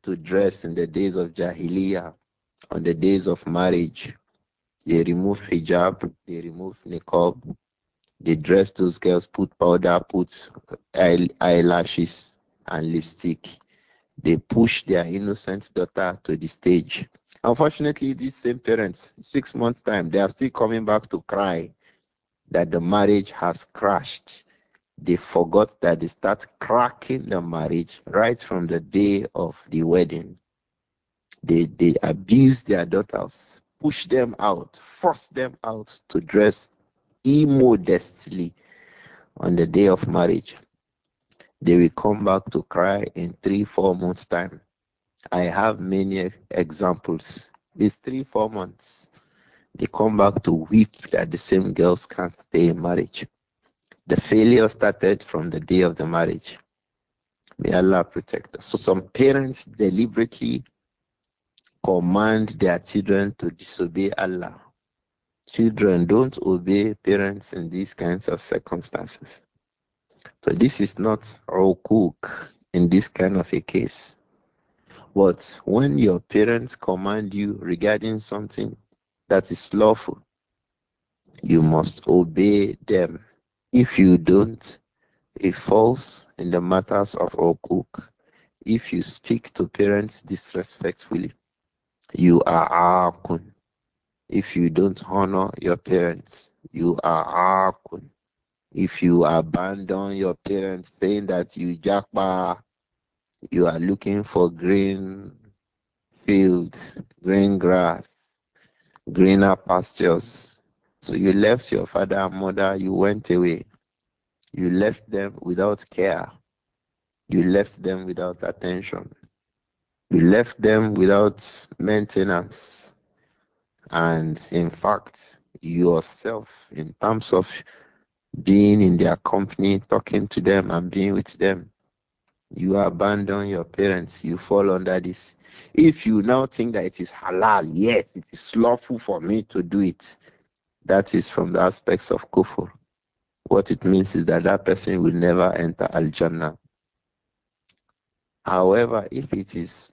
to dress in the days of Jahiliyyah, on the days of marriage. They remove hijab, they remove niqab, they dress those girls, put powder, put eyelashes and lipstick. They push their innocent daughter to the stage. Unfortunately, these same parents, six months' time, they are still coming back to cry that the marriage has crashed. They forgot that they start cracking the marriage right from the day of the wedding. They, they abuse their daughters push them out, force them out to dress immodestly on the day of marriage. They will come back to cry in three, four months' time. I have many examples. These three, four months, they come back to weep that the same girls can't stay in marriage. The failure started from the day of the marriage. May Allah protect us. So some parents deliberately command their children to disobey Allah. Children don't obey parents in these kinds of circumstances. So this is not ukuk in this kind of a case. But when your parents command you regarding something that is lawful, you must obey them. If you don't, it falls in the matters of ukuk. If you speak to parents disrespectfully, you are akun. If you don't honor your parents, you are akun. If you abandon your parents saying that you jakpa, you are looking for green fields, green grass, greener pastures. So you left your father and mother, you went away. You left them without care. You left them without attention we left them without maintenance. And in fact, yourself, in terms of being in their company, talking to them, and being with them, you abandon your parents, you fall under this. If you now think that it is halal, yes, it is lawful for me to do it, that is from the aspects of kufr. What it means is that that person will never enter Al Jannah. However, if it is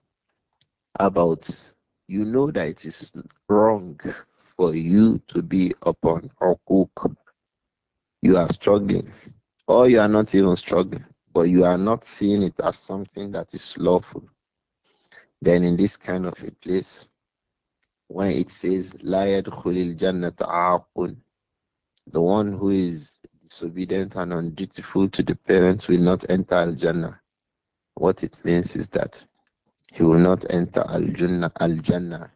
about you know that it is wrong for you to be upon a cook, you are struggling, or you are not even struggling, but you are not seeing it as something that is lawful, then in this kind of a place, when it says the one who is disobedient and undutiful to the parents will not enter al jannah. What it means is that he will not enter Al Jannah Al Jannah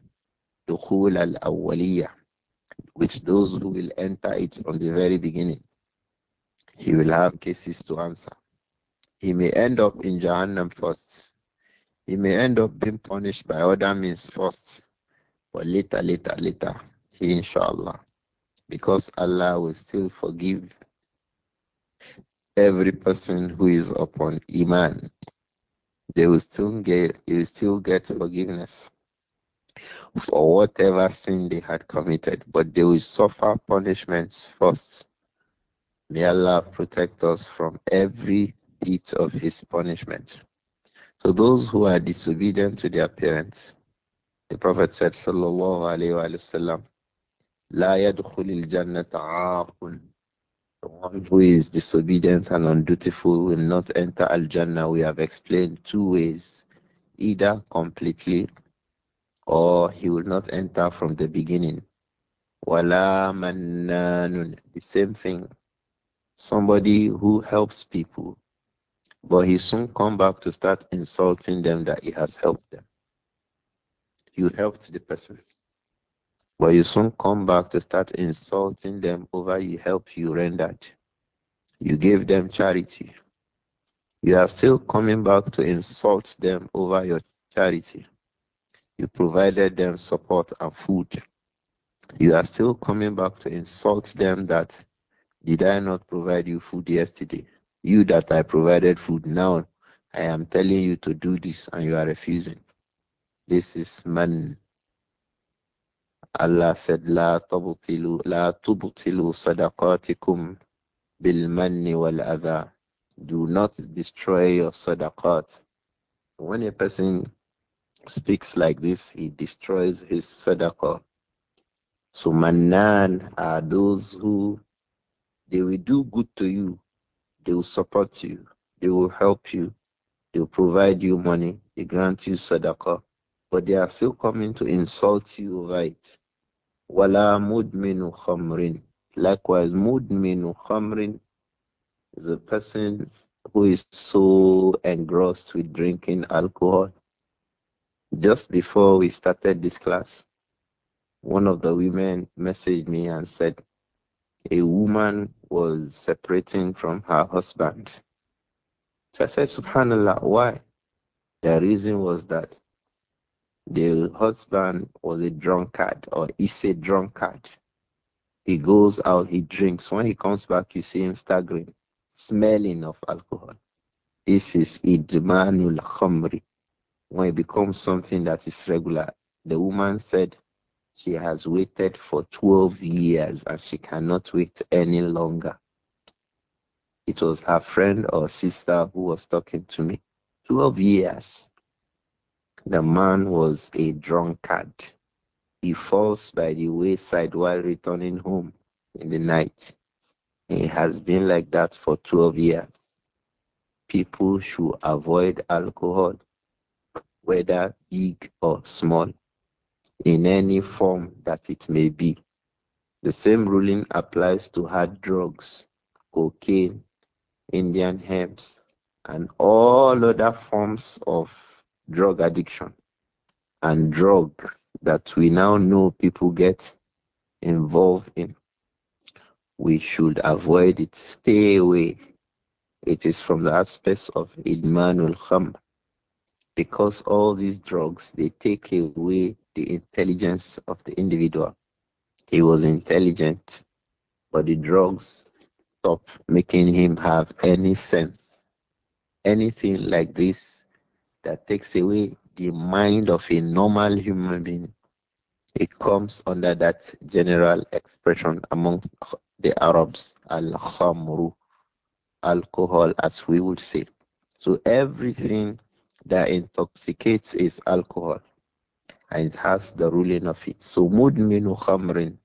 Dukhul Al awaliyah which those who will enter it from the very beginning. He will have cases to answer. He may end up in Jahannam first. He may end up being punished by other means first. But later, later, later, he inshallah. Because Allah will still forgive every person who is upon Iman they will still get you still get forgiveness for whatever sin they had committed, but they will suffer punishments first. May Allah protect us from every bit of his punishment. So those who are disobedient to their parents, the Prophet said, Sallallahu Alaihi Wasallam, La yadkhulil jannata aaqun the one who is disobedient and undutiful will not enter Al Jannah. We have explained two ways either completely or he will not enter from the beginning. Wala mannanun. The same thing. Somebody who helps people, but he soon come back to start insulting them that he has helped them. You helped the person. But you soon come back to start insulting them over the help you rendered. You gave them charity. You are still coming back to insult them over your charity. You provided them support and food. You are still coming back to insult them that did I not provide you food yesterday? You that I provided food now, I am telling you to do this and you are refusing. This is man Allah said, La tabutilu, la tabutilu sadaqatikum bil manni Do not destroy your sadaqat. When a person speaks like this, he destroys his sadaqah. So mannan are those who they will do good to you, they will support you, they will help you, they will provide you money, they grant you sadaqah, but they are still coming to insult you right? Wala mudminu khamrin. Likewise, mudminu khamrin is a person who is so engrossed with drinking alcohol. Just before we started this class, one of the women messaged me and said a woman was separating from her husband. So I said, Subhanallah, why? The reason was that the husband was a drunkard or is a drunkard. He goes out, he drinks. When he comes back, you see him staggering, smelling of alcohol. This is idmanul khamri. When it becomes something that is regular, the woman said she has waited for 12 years and she cannot wait any longer. It was her friend or sister who was talking to me. 12 years the man was a drunkard. He falls by the wayside while returning home in the night. He has been like that for 12 years. People should avoid alcohol, whether big or small, in any form that it may be. The same ruling applies to hard drugs, cocaine, Indian hemp, and all other forms of drug addiction and drugs that we now know people get involved in. We should avoid it, stay away. It is from the aspects of Idmanul kham, because all these drugs they take away the intelligence of the individual. He was intelligent, but the drugs stop making him have any sense. Anything like this that takes away the mind of a normal human being, it comes under that general expression among the Arabs, al khamru, alcohol, as we would say. So everything that intoxicates is alcohol, and it has the ruling of it. So mudminu khamrin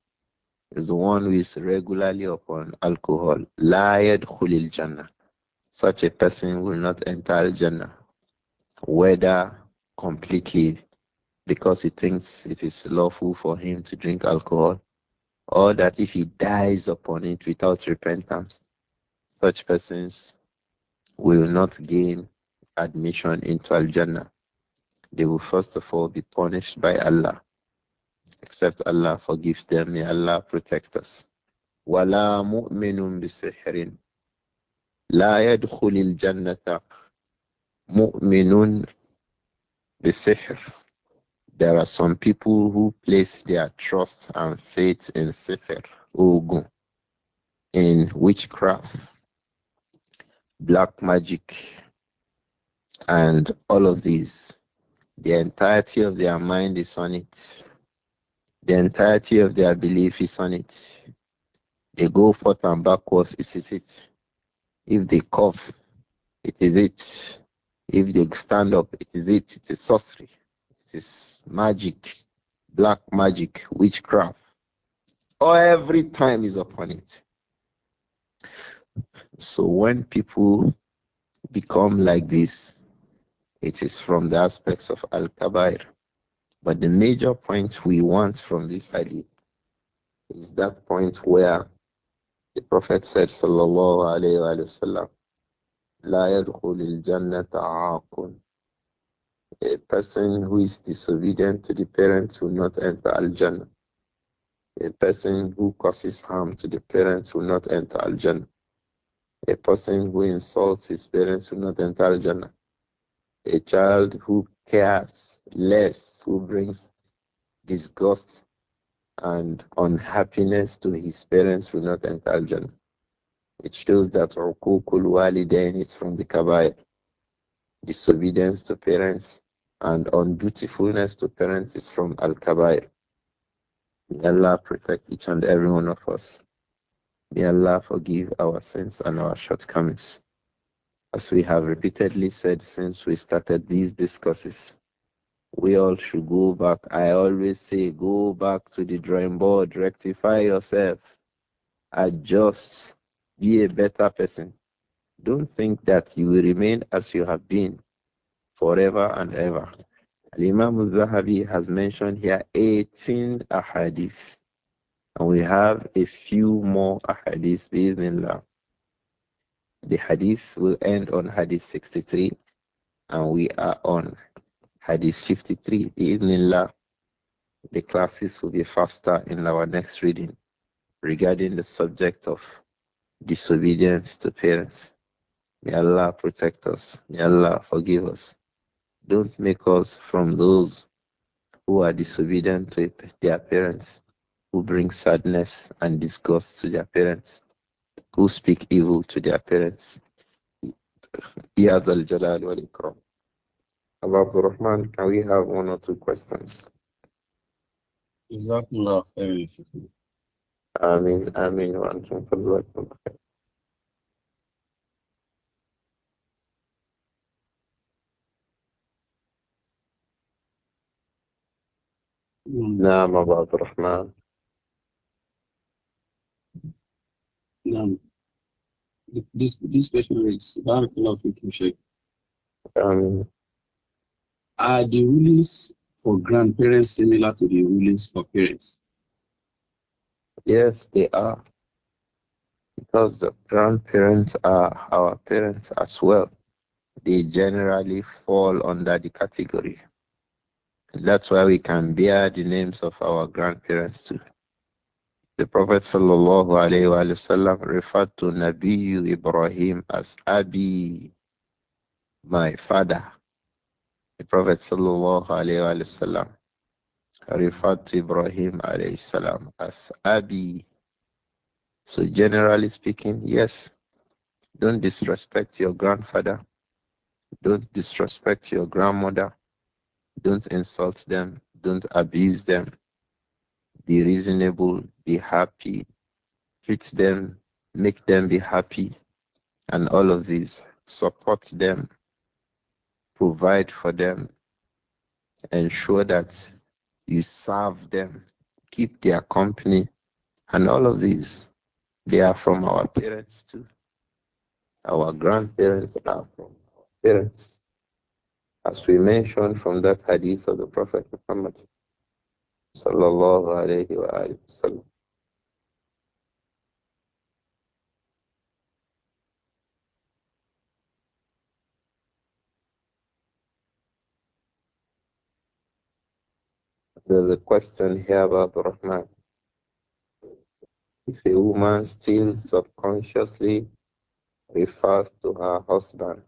is the one who is regularly upon alcohol. La yadkhulil jannah. Such a person will not enter Jannah whether completely because he thinks it is lawful for him to drink alcohol, or that if he dies upon it without repentance, such persons will not gain admission into Al Jannah. They will first of all be punished by Allah. Except Allah forgives them, may Allah protect us. ولا bi بسحر La يدخل jannata mu'minun bisihr. There are some people who place their trust and faith in sihr, ogun, in witchcraft, black magic, and all of these. The entirety of their mind is on it. The entirety of their belief is on it. They go forth and backwards, it is it. If they cough, it is it. If they stand up, it is it. It is sorcery. It is magic, black magic, witchcraft. Oh, every time is upon it. So when people become like this, it is from the aspects of Al Kabair. But the major point we want from this hadith is that point where the Prophet said, Sallallahu Alaihi Wasallam, La yadkhulil jannata A person who is disobedient to the parents will not enter al-jannah. A person who causes harm to the parents will not enter al-jannah. A person who insults his parents will not enter al-jannah. A child who cares less, who brings disgust and unhappiness to his parents will not enter Jannah. It shows that Ukukul Walidain is from the Kabair. Disobedience to parents and undutifulness to parents is from Al Kabair. May Allah protect each and every one of us. May Allah forgive our sins and our shortcomings. As we have repeatedly said since we started these discourses, we all should go back. I always say, go back to the drawing board, rectify yourself, adjust, be a better person. Don't think that you will remain as you have been forever and ever. Imam al Zahabi has mentioned here 18 ahadith. And we have a few more ahadith, bismillah. The hadith will end on hadith 63, and we are on hadith 53, bismillah. The classes will be faster in our next reading regarding the subject of disobedience to parents. May Allah protect us. May Allah forgive us. Don't make us from those who are disobedient to their parents, who bring sadness and disgust to their parents, who speak evil to their parents. Ya Jalal Abu Abdurrahman, can we have one or two questions? very difficult? آمين آمين وأنتم فضلكم خير نعم أبو عبد الرحمن نعم This, this question is Barakallah Fikim Sheikh. Um, Are the rulings for grandparents similar to the rulings for parents? Yes, they are. Because the grandparents are our parents as well. They generally fall under the category. That's why we can bear the names of our grandparents too. The Prophet وسلم, referred to Nabi Ibrahim as Abi, my father. The Prophet وسلم, referred to Ibrahim alayhi salam as Abi. So generally speaking, yes, don't disrespect your grandfather. Don't disrespect your grandmother. Don't insult them. Don't abuse them. Be reasonable. Be happy. Treat them. Make them be happy. And all of these. Support them. Provide for them. Ensure that you serve them, keep their company, and all of these. They are from our parents too. Our grandparents are from our parents. As we mentioned from that hadith of the Prophet Muhammad. Sallallahu alayhi wa sallam. There's a question here about Rahman. If a woman still subconsciously refers to her husband,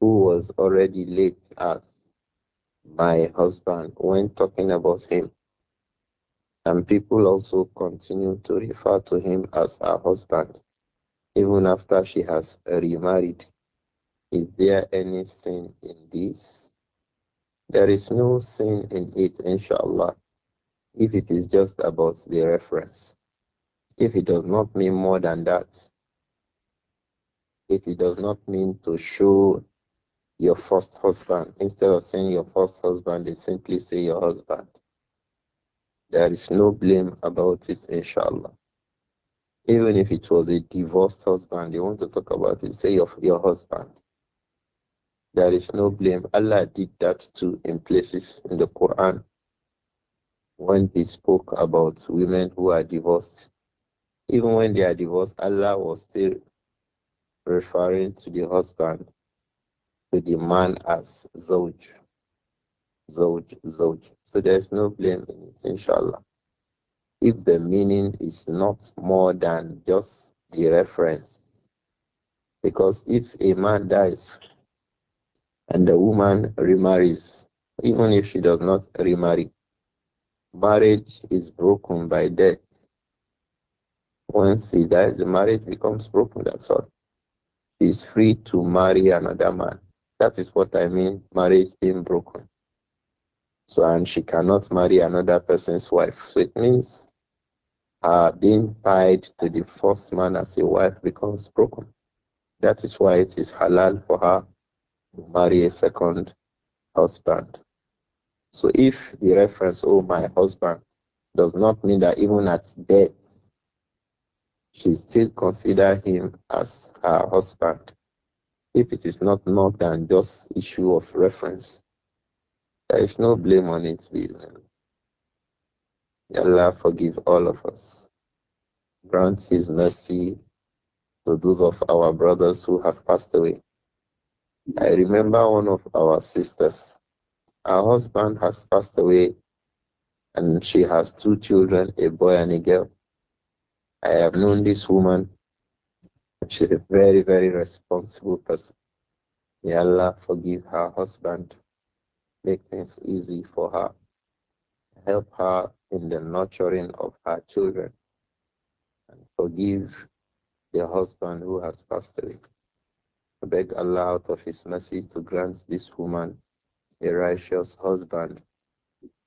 who was already late as my husband when talking about him, and people also continue to refer to him as her husband, even after she has remarried, is there any sin in this? There is no sin in it, inshallah, if it is just about the reference. If it does not mean more than that, if it does not mean to show your first husband, instead of saying your first husband, they simply say your husband. There is no blame about it, inshallah. Even if it was a divorced husband, you want to talk about it, say your, your husband there is no blame. Allah did that too in places in the Quran when He spoke about women who are divorced. Even when they are divorced, Allah was still referring to the husband, to the man as Zawj. Zawj, Zawj. So there's no blame in it, inshallah. If the meaning is not more than just the reference. Because if a man dies and the woman remarries, even if she does not remarry. Marriage is broken by death. Once he dies, the marriage becomes broken, that's all. She is free to marry another man. That is what I mean, marriage being broken. So, and she cannot marry another person's wife. So it means uh, being tied to the first man as a wife becomes broken. That is why it is halal for her marry a second husband. So if the reference, oh, my husband, does not mean that even at death, she still consider him as her husband. If it is not more than just issue of reference, there is no blame on it. Allah forgive all of us. Grant His mercy to those of our brothers who have passed away. I remember one of our sisters. Her husband has passed away, and she has two children, a boy and a girl. I have known this woman. She's a very, very responsible person. May Allah forgive her husband, make things easy for her, help her in the nurturing of her children, and forgive the husband who has passed away. I beg Allah out of His mercy to grant this woman a righteous husband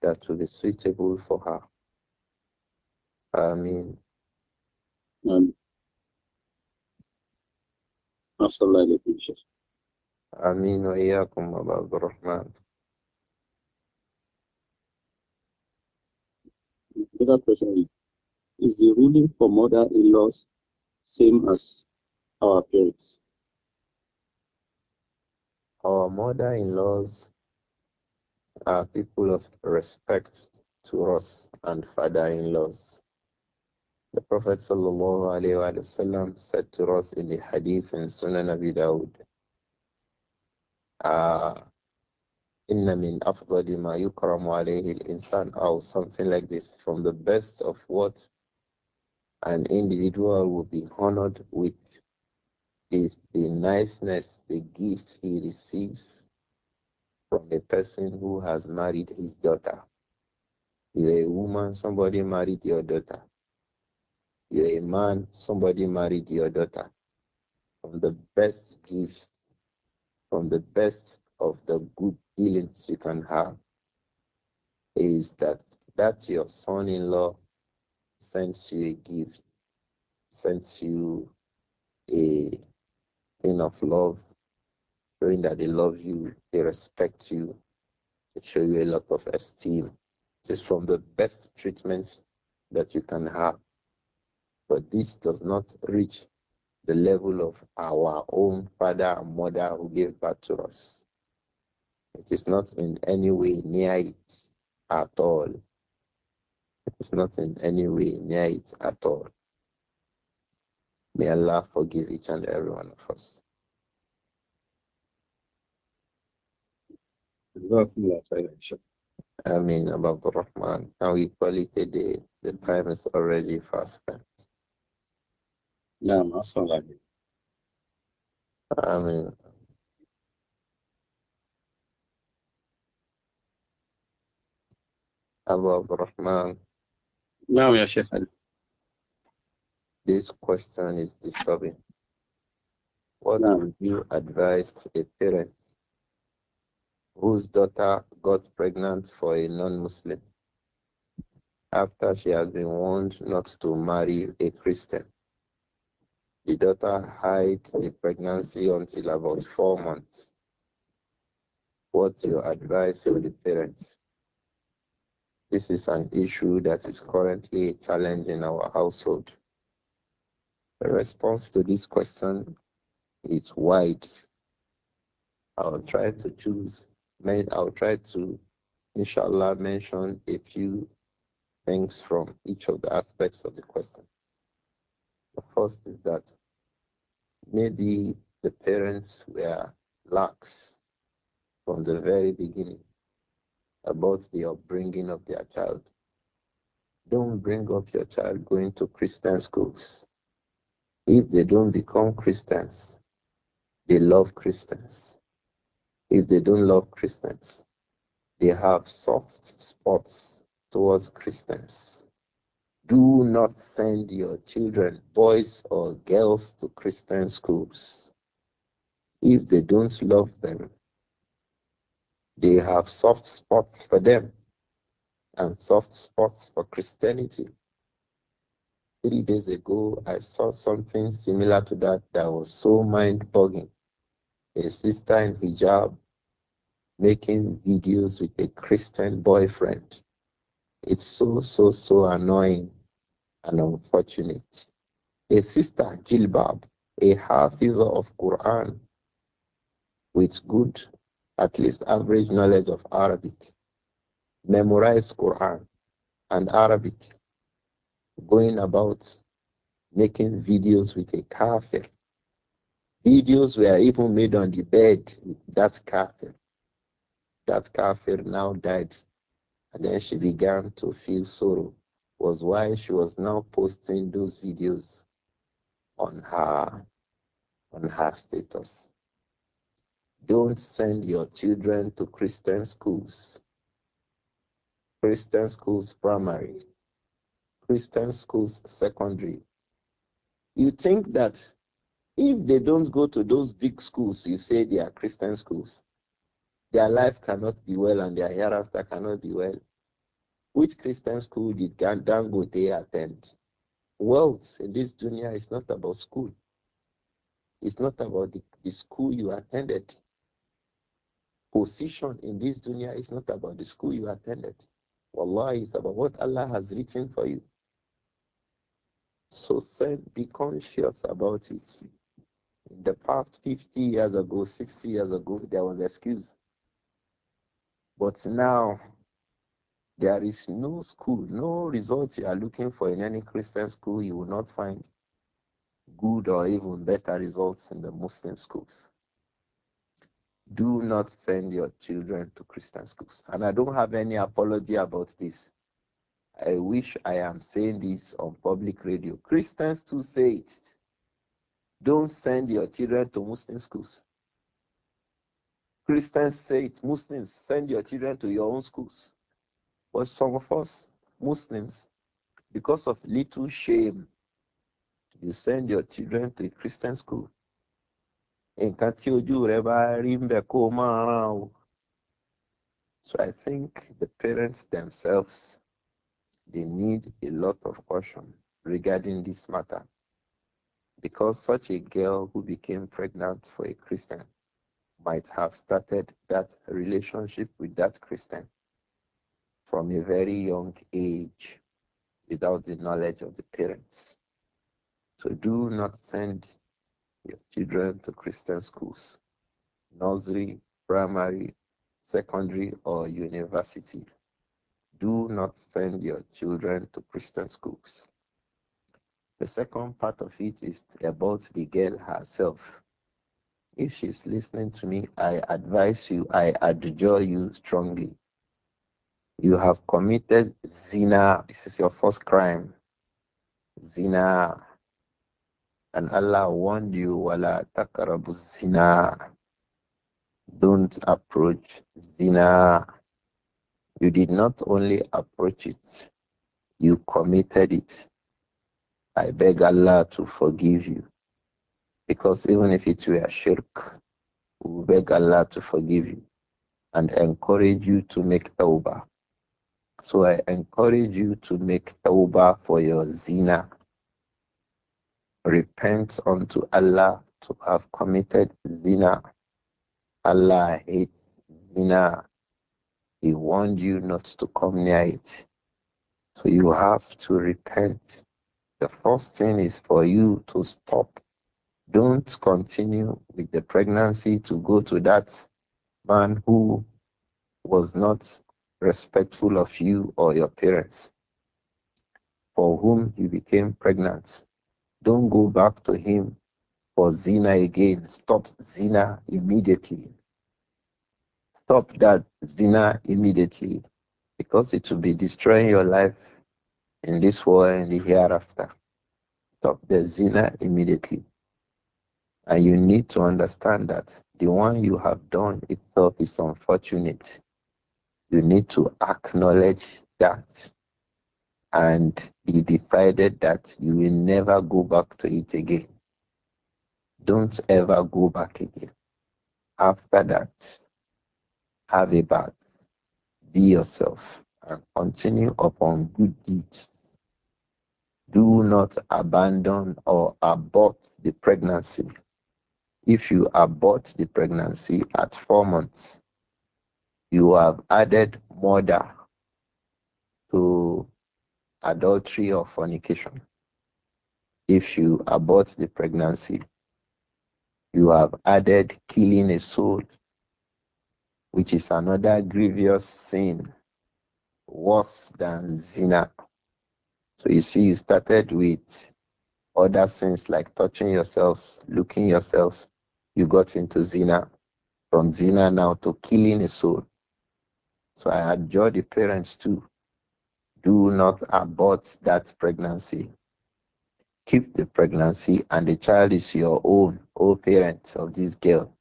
that will be suitable for her. Ameen. Ameen. آمين Another question is, is the ruling for mother-in-laws same as our parents? Our mother in laws are people of respect to us and father in laws. The Prophet وسلم, said to us in the hadith in Sunan Abi Dawud, ah, Inna min afdali ma yukramu alayhi al-insan or something like this, from the best of what an individual will be honored with is the niceness, the gifts he receives from a person who has married his daughter. You're a woman, somebody married your daughter. You're a man, somebody married your daughter. From the best gifts, from the best of the good dealings you can have, is that that your son-in-law sends you a gift, sends you a Enough of love, showing that they love you, they respect you, they show you a lot of esteem. It is from the best treatments that you can have. But this does not reach the level of our own father and mother who gave birth to us. It is not in any way near it at all. It is not in any way near it at all. May Allah forgive each and every one of us. I mean, Abu Rahman, now we call it a day. The time is already fast spent. نعم أصلا عليك آمين أبو Rahman. الرحمن نعم يا شيخ علي this question is disturbing. What no. would you advise a parent whose daughter got pregnant for a non Muslim after she has been warned not to marry a Christian? The daughter hid the pregnancy until about four months. What's your advice for the parents? This is an issue that is currently a challenge in our household. The response to this question is wide. I'll try to choose, I'll try to, inshallah, mention a few things from each of the aspects of the question. The first is that maybe the parents were lax from the very beginning about the upbringing of their child. Don't bring up your child going to Christian schools. If they don't become Christians, they love Christians. If they don't love Christians, they have soft spots towards Christians. Do not send your children, boys or girls, to Christian schools. If they don't love them, they have soft spots for them and soft spots for Christianity three days ago, I saw something similar to that that was so mind boggling. A sister in hijab making videos with a Christian boyfriend. It's so, so, so annoying and unfortunate. A sister, Jilbab, a half hafizer of Quran with good, at least average knowledge of Arabic, memorized Quran and Arabic going about making videos with a kafir. Videos were even made on the bed with that kafir. That kafir now died, and then she began to feel sorrow. Was why she was now posting those videos on her on her status. Don't send your children to Christian schools. Christian schools primary Christian schools secondary. You think that if they don't go to those big schools, you say they are Christian schools, their life cannot be well and their hereafter cannot be well. Which Christian school did Dangote attend? Wealth in this dunya is not about school. It's not about the, the school you attended. Position in this dunya is not about the school you attended. Wallah, it's about what Allah has written for you. So said, be conscious about it. In the past 50 years ago, 60 years ago, there was excuse. But now, there is no school, no results. you are looking for in any Christian school, you will not find good or even better results in the Muslim schools. Do not send your children to Christian schools. And I don't have any apology about this. I wish I am saying this on public radio. Christians too say it. Don't send your children to Muslim schools. Christians say it. Muslims, send your children to your own schools. But some of us, Muslims, because of little shame, you send your children to a Christian school. So I think the parents themselves they need a lot of caution regarding this matter. Because such a girl who became pregnant for a Christian might have started that relationship with that Christian from a very young age without the knowledge of the parents. So do not send your children to Christian schools, nursery, primary, secondary, or university do not send your children to Christian schools. The second part of it is about the girl herself. If she's listening to me, I advise you, I adjure you strongly. You have committed zina. This is your first crime. Zina. And Allah warned you, wala takarabu zina. Don't approach zina. You did not only approach it, you committed it. I beg Allah to forgive you. Because even if it were shirk, we beg Allah to forgive you and encourage you to make tawbah. So I encourage you to make tawbah for your zina. Repent unto Allah to have committed zina. Allah hates zina. He warned you not to come near it. So you have to repent. The first thing is for you to stop. Don't continue with the pregnancy to go to that man who was not respectful of you or your parents, for whom you became pregnant. Don't go back to him for zina again. Stop zina immediately stop that zina immediately because it will be destroying your life in this world and the hereafter. Stop the zina immediately. And you need to understand that the one you have done itself is unfortunate. You need to acknowledge that and be decided that you will never go back to it again. Don't ever go back again. After that, have a bath, be yourself, and continue upon good deeds. Do not abandon or abort the pregnancy. If you abort the pregnancy at four months, you have added murder to adultery or fornication. If you abort the pregnancy, you have added killing a soul which is another grievous sin, worse than zina. So you see, you started with other sins like touching yourselves, looking yourselves. You got into zina. From zina now to killing a soul. So I adjure the parents too. Do not abort that pregnancy. Keep the pregnancy and the child is your own, O parents of this girl.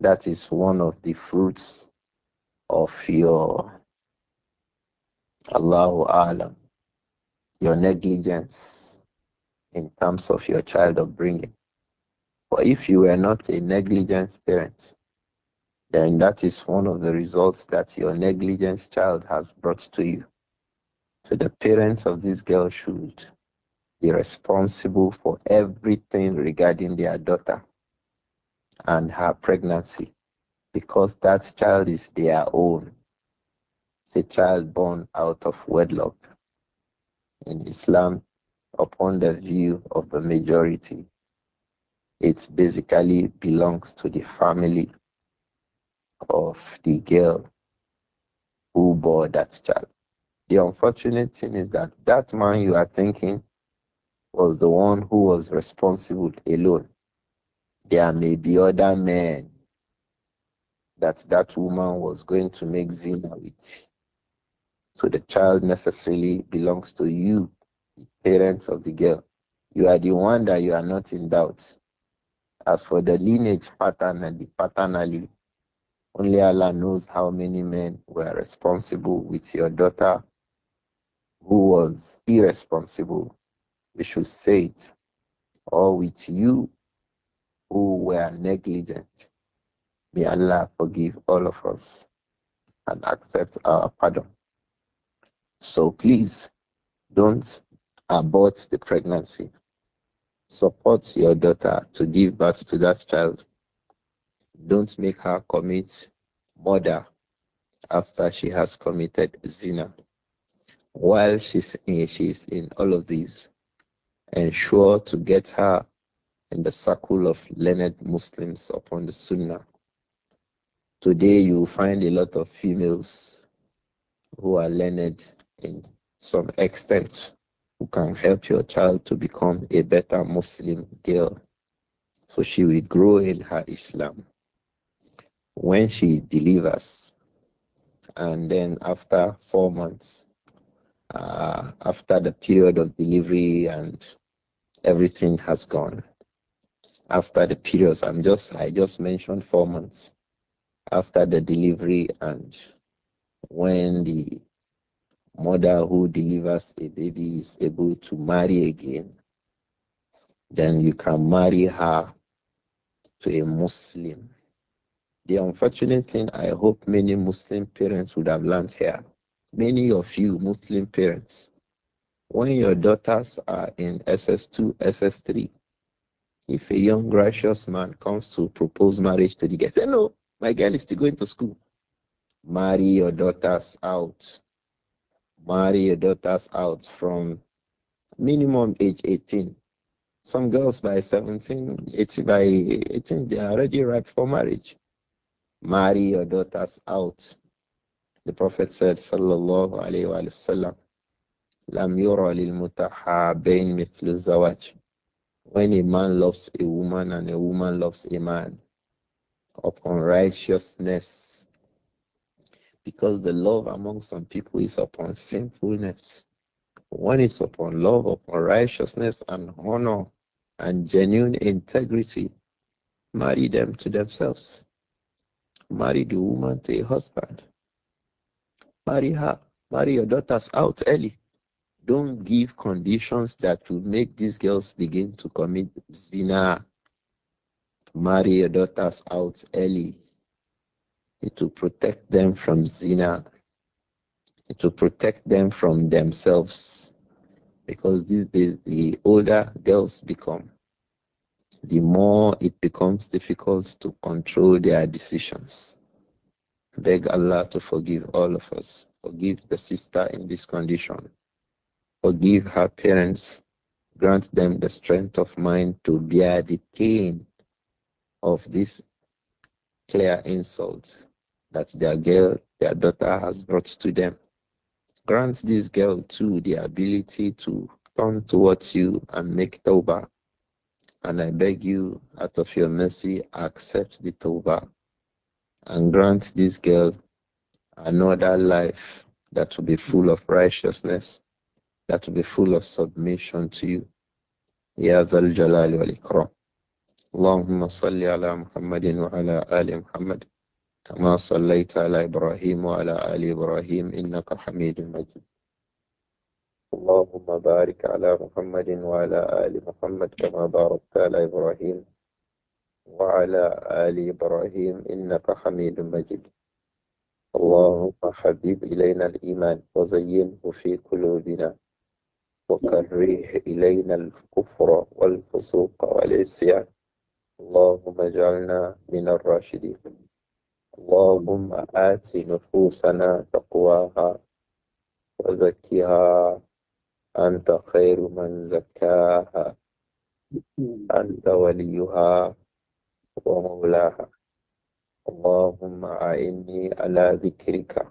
That is one of the fruits of your Allahu Alam, your negligence in terms of your child upbringing. For if you were not a negligent parent, then that is one of the results that your negligent child has brought to you. So the parents of this girl should be responsible for everything regarding their daughter and her pregnancy because that child is their own. It's a child born out of wedlock. In Islam, upon the view of the majority, it basically belongs to the family of the girl who bore that child. The unfortunate thing is that that man you are thinking was the one who was responsible alone. There may be other men that that woman was going to make zina with. So the child necessarily belongs to you, the parents of the girl. You are the one that you are not in doubt. As for the lineage pattern and the paternally, only Allah knows how many men were responsible with your daughter who was irresponsible. We should say it. Or with you who were negligent. May Allah forgive all of us and accept our pardon. So please don't abort the pregnancy. Support your daughter to give birth to that child. Don't make her commit murder after she has committed zina. While she's in, she's in all of these, ensure to get her in the circle of learned Muslims upon the Sunnah. Today you find a lot of females who are learned in some extent who can help your child to become a better Muslim girl. So she will grow in her Islam when she delivers. And then after four months, uh, after the period of delivery and everything has gone, after the periods I'm just I just mentioned four months after the delivery and when the mother who delivers a baby is able to marry again, then you can marry her to a Muslim. The unfortunate thing I hope many Muslim parents would have learned here, many of you Muslim parents, when your daughters are in SS2, SS3, if a young righteous man comes to propose marriage to the girl, say, No, my girl is still going to school. Marry your daughters out. Marry your daughters out from minimum age 18. Some girls by 17, 18, by 18, they are already ripe for marriage. Marry your daughters out. The Prophet said, Sallallahu Alaihi Wasallam, Lam yura lil mutahabain mithlu zawaj. When a man loves a woman and a woman loves a man upon righteousness, because the love among some people is upon sinfulness. One is upon love, upon righteousness and honor and genuine integrity. Marry them to themselves. Marry the woman to a husband. Marry her. Marry your daughters out early. Don't give conditions that will make these girls begin to commit zina. Marry your daughters out early. It will protect them from zina. It will protect them from themselves. Because the, the, the older girls become, the more it becomes difficult to control their decisions. Beg Allah to forgive all of us. Forgive the sister in this condition. Forgive her parents. Grant them the strength of mind to bear the pain of this clear insult that their girl, their daughter has brought to them. Grant this girl too the ability to turn towards you and make tawbah. And I beg you, out of your mercy, accept the tawbah and grant this girl another life that will be full of righteousness that will be full of submission to you. Ya dhal jalal wal Allahumma salli ala Muhammadin wa ala ali Muhammad. Kama sallaita ala Ibrahim wa ala ali Ibrahim innaka hamidun Allahumma barik ala Muhammadin wa ala ali Muhammad kama barakta ala Ibrahim wa ala ali Ibrahim innaka hamidun majid. اللهم حبب الإيمان وزينه في قلوبنا وكره إلينا الكفر والفسوق والعصيان اللهم اجعلنا من الراشدين اللهم آت نفوسنا تقواها وزكها أنت خير من زكاها أنت وليها ومولاها اللهم أعني على ذكرك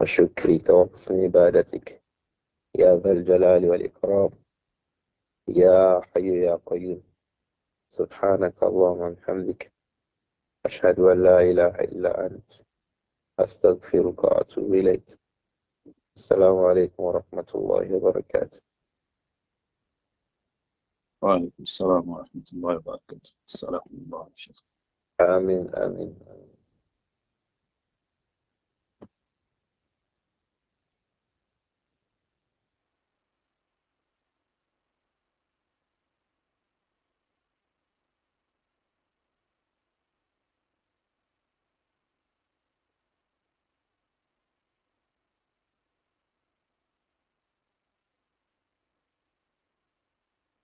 وشكرك وحسن عبادتك يا ذا الجلال والإكرام يا حي يا قيوم سبحانك اللهم وبحمدك أشهد أن لا إله إلا أنت أستغفرك وأتوب إليك السلام عليكم ورحمة الله وبركاته وعليكم السلام ورحمة الله وبركاته السلام عليكم ورحمة الله وبركاته آمين آمين, آمين.